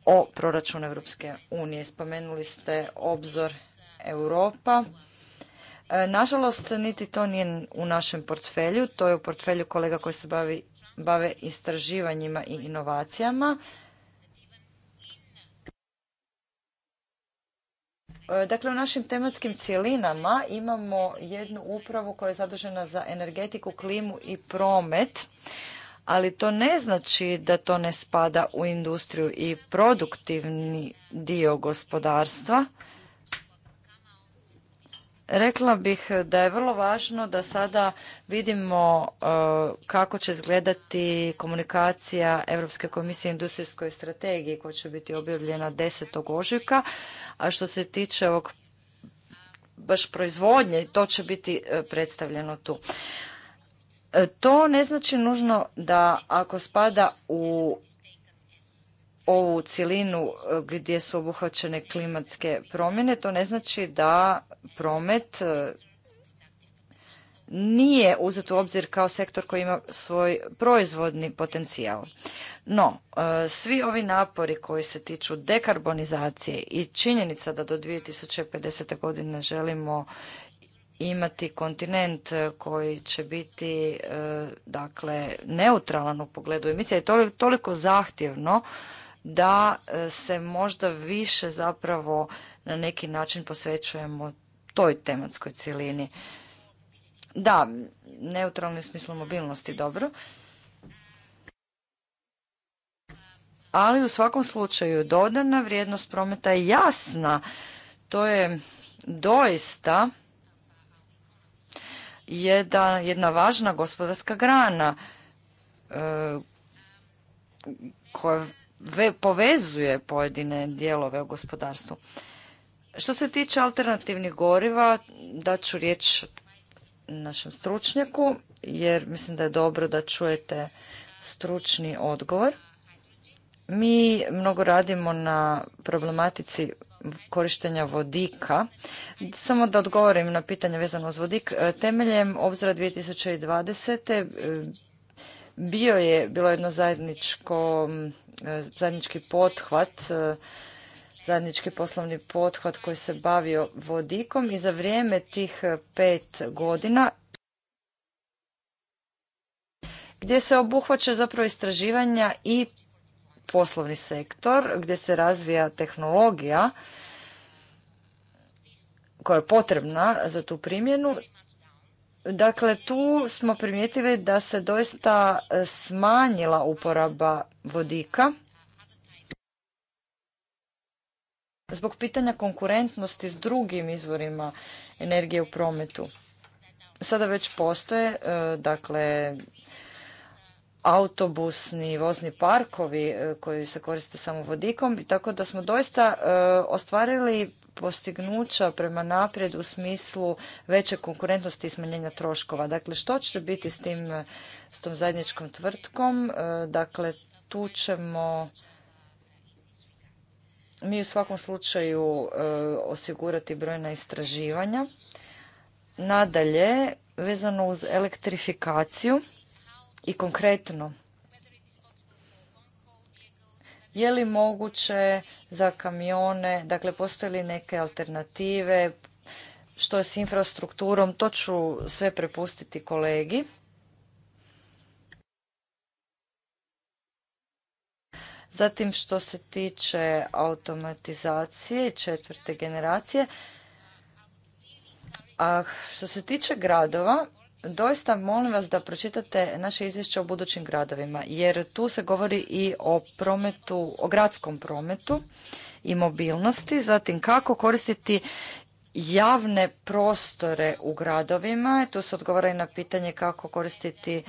o proračunu Europske unije. Spomenuli ste obzor Europa. E, nažalost, niti to nije u našem portfelju. To je u portfelju kolega koji se bavi, bave istraživanjima i inovacijama. E, dakle, u našim tematskim cjelinama imamo jednu upravu koja je zadužena za energetiku, klimu i promet ali to ne znači da to ne spada u industriju i produktivni dio gospodarstva. Rekla bih da je vrlo važno da sada vidimo e, kako će izgledati komunikacija Europske komisije industrijskoj strategiji koja će biti objavljena 10. ožujka. A što se tiče ovog baš proizvodnje, to će biti e, predstavljeno tu. E, to ne znači nužno da ako spada u ovu cilinu e, gdje su obuhvaćene klimatske promjene, to ne znači da promet e, nije uzet u obzir kao sektor koji ima svoj proizvodni potencijal. No, svi ovi napori koji se tiču dekarbonizacije i činjenica da do 2050. godine želimo imati kontinent e, koji će biti e, dakle neutralan u pogledu emisije je toliko, toliko zahtjevno da e, se možda više zapravo na neki način posvećujemo toj tematskoj cjelini. Da, neutralni u smislu mobilnosti, dobro. Ali u svakom slučaju dodana vrijednost prometa je jasna. To je doista jedna, jedna važna gospodarska grana e, koja povezuje pojedine dijelove u gospodarstvu. Što se tiče alternativnih goriva, daću riječ našem stručnjaku, jer mislim da je dobro da čujete stručni odgovor. Mi mnogo radimo na problematici korištenja vodika. Samo da odgovorim na pitanje vezano uz vodik. E, temeljem obzora 2020. E, bio je, bilo jedno zajedničko, e, zajednički pothvat, zajednički poslovni pothvat koji se bavio vodikom i za vrijeme tih pet godina gdje se obuhvaća zapravo istraživanja i poslovni sektor gdje se razvija tehnologija koja je potrebna za tu primjenu. Dakle, tu smo primijetili da se doista smanjila uporaba vodika. Zbog pitanja konkurentnosti s drugim izvorima energije u prometu. Sada već postoje, e, dakle, autobusni vozni parkovi e, koji se koriste samo vodikom, tako da smo doista e, ostvarili postignuća prema naprijed u smislu veće konkurentnosti i smanjenja troškova. Dakle, što će biti s tim, e, s tom zajedničkom tvrtkom? Dakle, tu ćemo mi u svakom slučaju osigurati brojna istraživanja. Nadalje, vezano uz elektrifikaciju, i konkretno. Je li moguće za kamione, dakle postoje li neke alternative, što je s infrastrukturom, to ću sve prepustiti kolegi. Zatim što se tiče automatizacije četvrte generacije, a što se tiče gradova, doista molim vas da pročitate naše izvješće o budućim gradovima, jer tu se govori i o prometu, o gradskom prometu i mobilnosti, zatim kako koristiti javne prostore u gradovima, tu se odgovara i na pitanje kako koristiti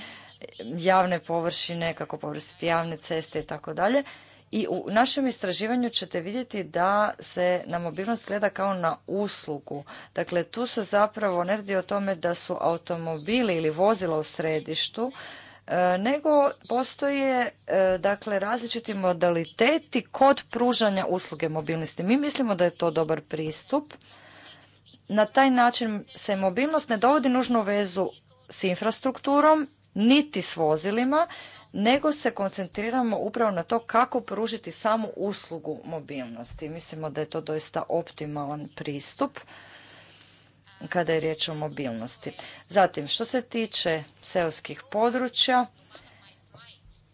javne površine, kako koristiti javne ceste i tako dalje. I u našem istraživanju ćete vidjeti da se na mobilnost gleda kao na uslugu. Dakle, tu se zapravo ne radi o tome da su automobili ili vozila u središtu, e, nego postoje e, dakle različiti modaliteti kod pružanja usluge mobilnosti. Mi mislimo da je to dobar pristup. Na taj način se mobilnost ne dovodi nužno u vezu s infrastrukturom, niti s vozilima, nego se koncentriramo upravo na to kako pružiti samu uslugu mobilnosti. Mislimo da je to doista optimalan pristup kada je riječ o mobilnosti. Zatim, što se tiče seoskih područja,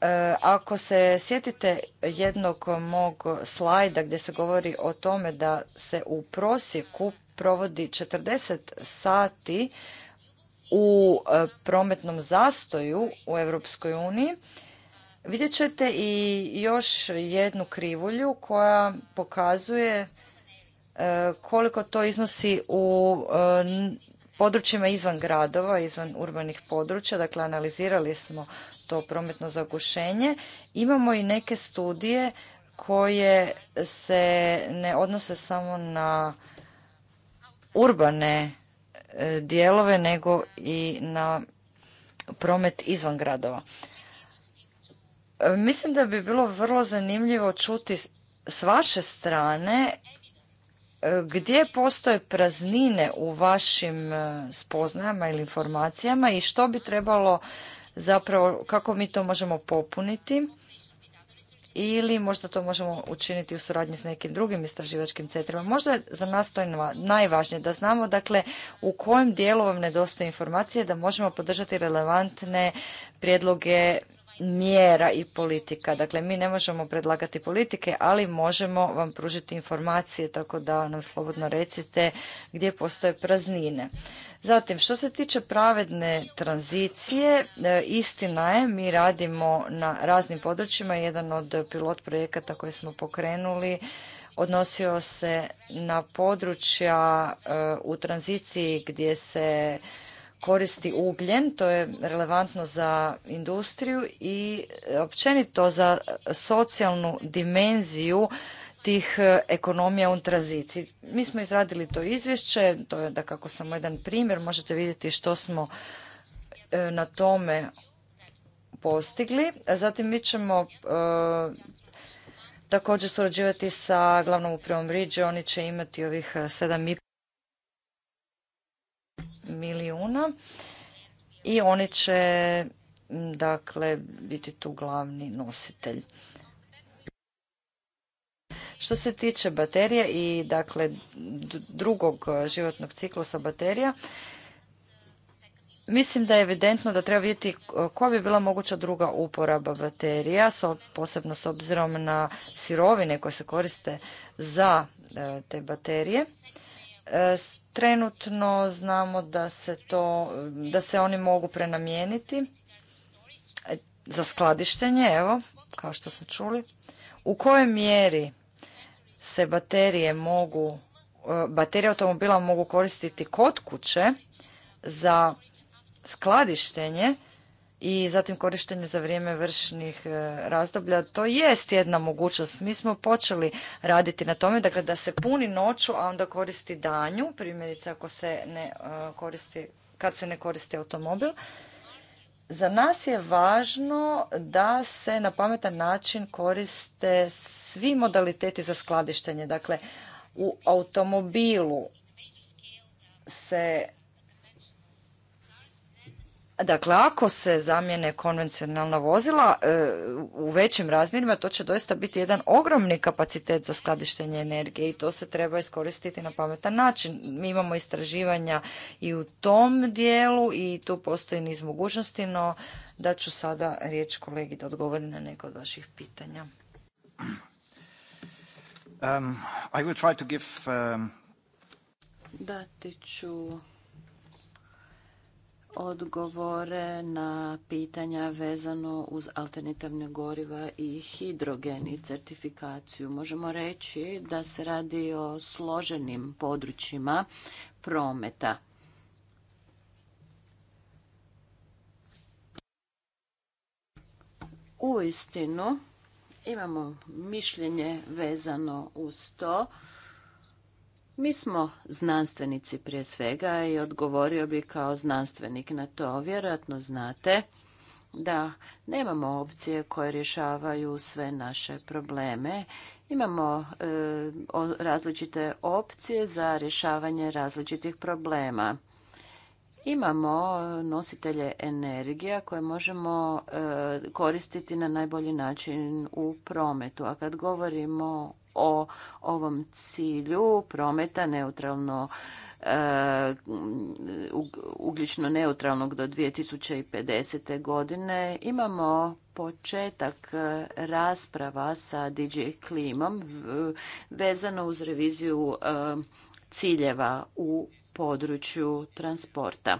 e, ako se sjetite jednog mog slajda gdje se govori o tome da se u prosjeku provodi 40 sati u e, prometnom zastoju u Europskoj uniji, vidjet ćete i još jednu krivulju koja pokazuje e, koliko to iznosi u e, područjima izvan gradova, izvan urbanih područja, dakle analizirali smo to prometno zagušenje. Imamo i neke studije koje se ne odnose samo na urbane E, dijelove nego i na promet izvan gradova. E, mislim da bi bilo vrlo zanimljivo čuti s vaše strane e, gdje postoje praznine u vašim spoznajama ili informacijama i što bi trebalo zapravo, kako mi to možemo popuniti ili možda to možemo učiniti u suradnji s nekim drugim istraživačkim centrima. Možda je za nas to najvažnije da znamo dakle u kojem dijelu vam nedostaje informacije da možemo podržati relevantne prijedloge mjera i politika. Dakle, mi ne možemo predlagati politike, ali možemo vam pružiti informacije, tako da nam slobodno recite gdje postoje praznine. Zatim, što se tiče pravedne tranzicije, e, istina je, mi radimo na raznim područjima. Jedan od pilot projekata koje smo pokrenuli odnosio se na područja e, u tranziciji gdje se koristi ugljen, to je relevantno za industriju i općenito za socijalnu dimenziju tih e, ekonomija u tranziciji. Mi smo izradili to izvješće, to je da kako samo jedan primjer, možete vidjeti što smo e, na tome postigli. Zatim mi ćemo e, također surađivati sa glavnom upravom Riđe, oni će imati ovih 7,5 milijuna i oni će dakle biti tu glavni nositelj. Što se tiče baterija i dakle drugog e, životnog ciklusa baterija, Mislim da je evidentno da treba vidjeti e, koja bi bila moguća druga uporaba baterija, posebno s obzirom na sirovine koje se koriste za e, te baterije. Trenutno znamo da se, to, da se oni mogu prenamijeniti za skladištenje, evo, kao što smo čuli. U kojoj mjeri se baterije mogu, e, baterije automobila mogu koristiti kod kuće za skladištenje i zatim korištenje za vrijeme vršnih e, razdoblja, to jest jedna mogućnost. Mi smo počeli raditi na tome, dakle da se puni noću, a onda koristi danju, primjerice ako se ne e, koristi, kad se ne koristi automobil. Za nas je važno da se na pametan način koriste svi modaliteti za skladištenje. Dakle, u automobilu se Dakle, ako se zamijene konvencionalna vozila e, u većim razmjerima, to će doista biti jedan ogromni kapacitet za skladištenje energije i to se treba iskoristiti na pametan način. Mi imamo istraživanja i u tom dijelu i tu postoji niz mogućnosti, no da ću sada riječ kolegi da odgovori na neko od vaših pitanja. Um, I will try to give, um, Dati ću odgovore na pitanja vezano uz alternativne goriva i hidrogen i certifikaciju. Možemo reći da se radi o složenim područjima prometa. U istinu imamo mišljenje vezano uz to mi smo znanstvenici prije svega i odgovorio bi kao znanstvenik na to. Vjerojatno znate da nemamo opcije koje rješavaju sve naše probleme. Imamo e, različite opcije za rješavanje različitih problema. Imamo nositelje energija koje možemo e, koristiti na najbolji način u prometu. A kad govorimo o ovom cilju prometa neutralno e, ugljično neutralnog do 2050. godine imamo početak e, rasprava sa DJ Klimom vezano uz reviziju e, ciljeva u području transporta.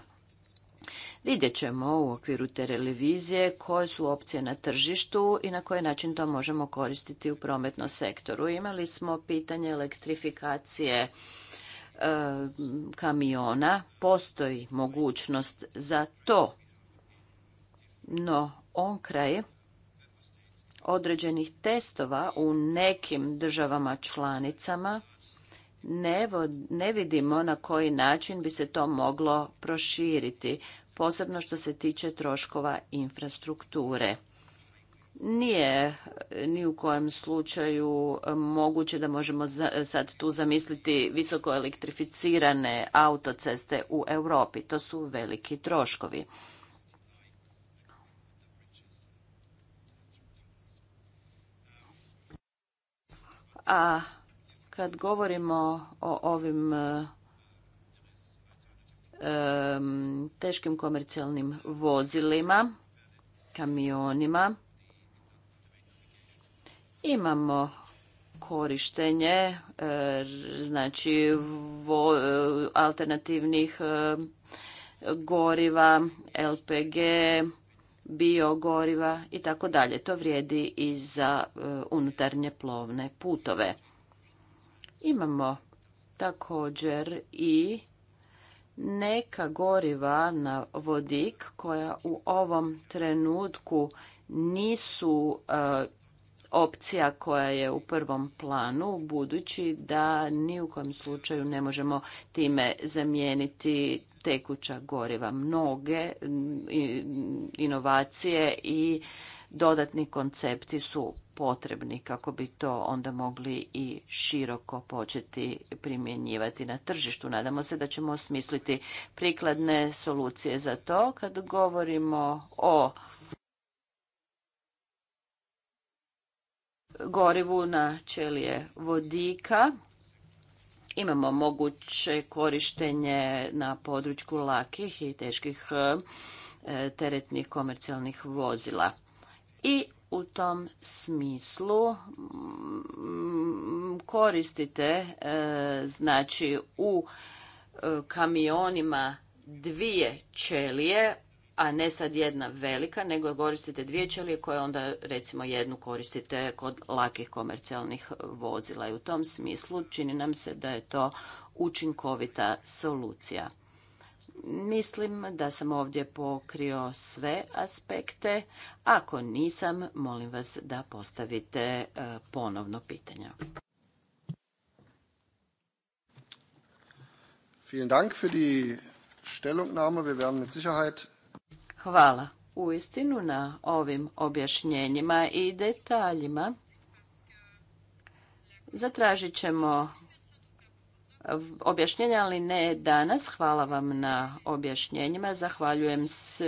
Vidjet ćemo u okviru televizije koje su opcije na tržištu i na koji način to možemo koristiti u prometnom sektoru. Imali smo pitanje elektrifikacije e, kamiona, postoji mogućnost za to, no on kraj određenih testova u nekim državama članicama ne, vidimo na koji način bi se to moglo proširiti, posebno što se tiče troškova infrastrukture. Nije ni u kojem slučaju moguće da možemo sad tu zamisliti visoko elektrificirane autoceste u Europi. To su veliki troškovi. A kad govorimo o ovim e, teškim komercijalnim vozilima, kamionima, imamo korištenje e, znači e, alternativnih goriva, LPG, biogoriva i tako dalje. To vrijedi i za unutarnje plovne putove. Imamo također i neka goriva na vodik koja u ovom trenutku nisu e, opcija koja je u prvom planu budući da ni u kojem slučaju ne možemo time zamijeniti tekuća goriva. Mnoge mm, inovacije i dodatni koncepti su potrebni kako bi to onda mogli i široko početi primjenjivati na tržištu. Nadamo se da ćemo osmisliti prikladne solucije za to kad govorimo o gorivu na čelije vodika. Imamo moguće korištenje na području lakih i teških e, teretnih komercijalnih vozila. I u tom smislu mm, koristite e, znači u e, kamionima dvije čelije a ne sad jedna velika, nego koristite dvije čelije koje onda recimo jednu koristite kod lakih komercijalnih vozila. I u tom smislu čini nam se da je to učinkovita solucija. Mislim da sam ovdje pokrio sve aspekte. Ako nisam, molim vas da postavite e, ponovno pitanja. Hvala u istinu na ovim objašnjenjima i detaljima. Zatražit ćemo objašnjenja, ali ne danas. Hvala vam na objašnjenjima. Zahvaljujem s e,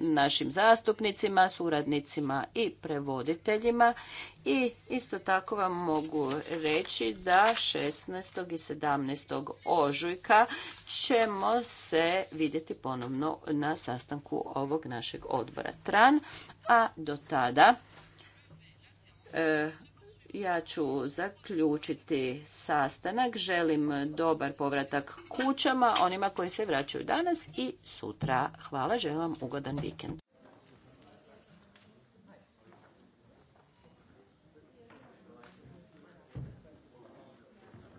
našim zastupnicima, suradnicima i prevoditeljima. I isto tako vam mogu reći da 16. i 17. ožujka ćemo se vidjeti ponovno na sastanku ovog našeg odbora TRAN. A do tada... E, ja ću zaključiti sastanak. Želim dobar povratak kućama, onima koji se vraćaju danas i sutra. Hvala, želim vam ugodan vikend.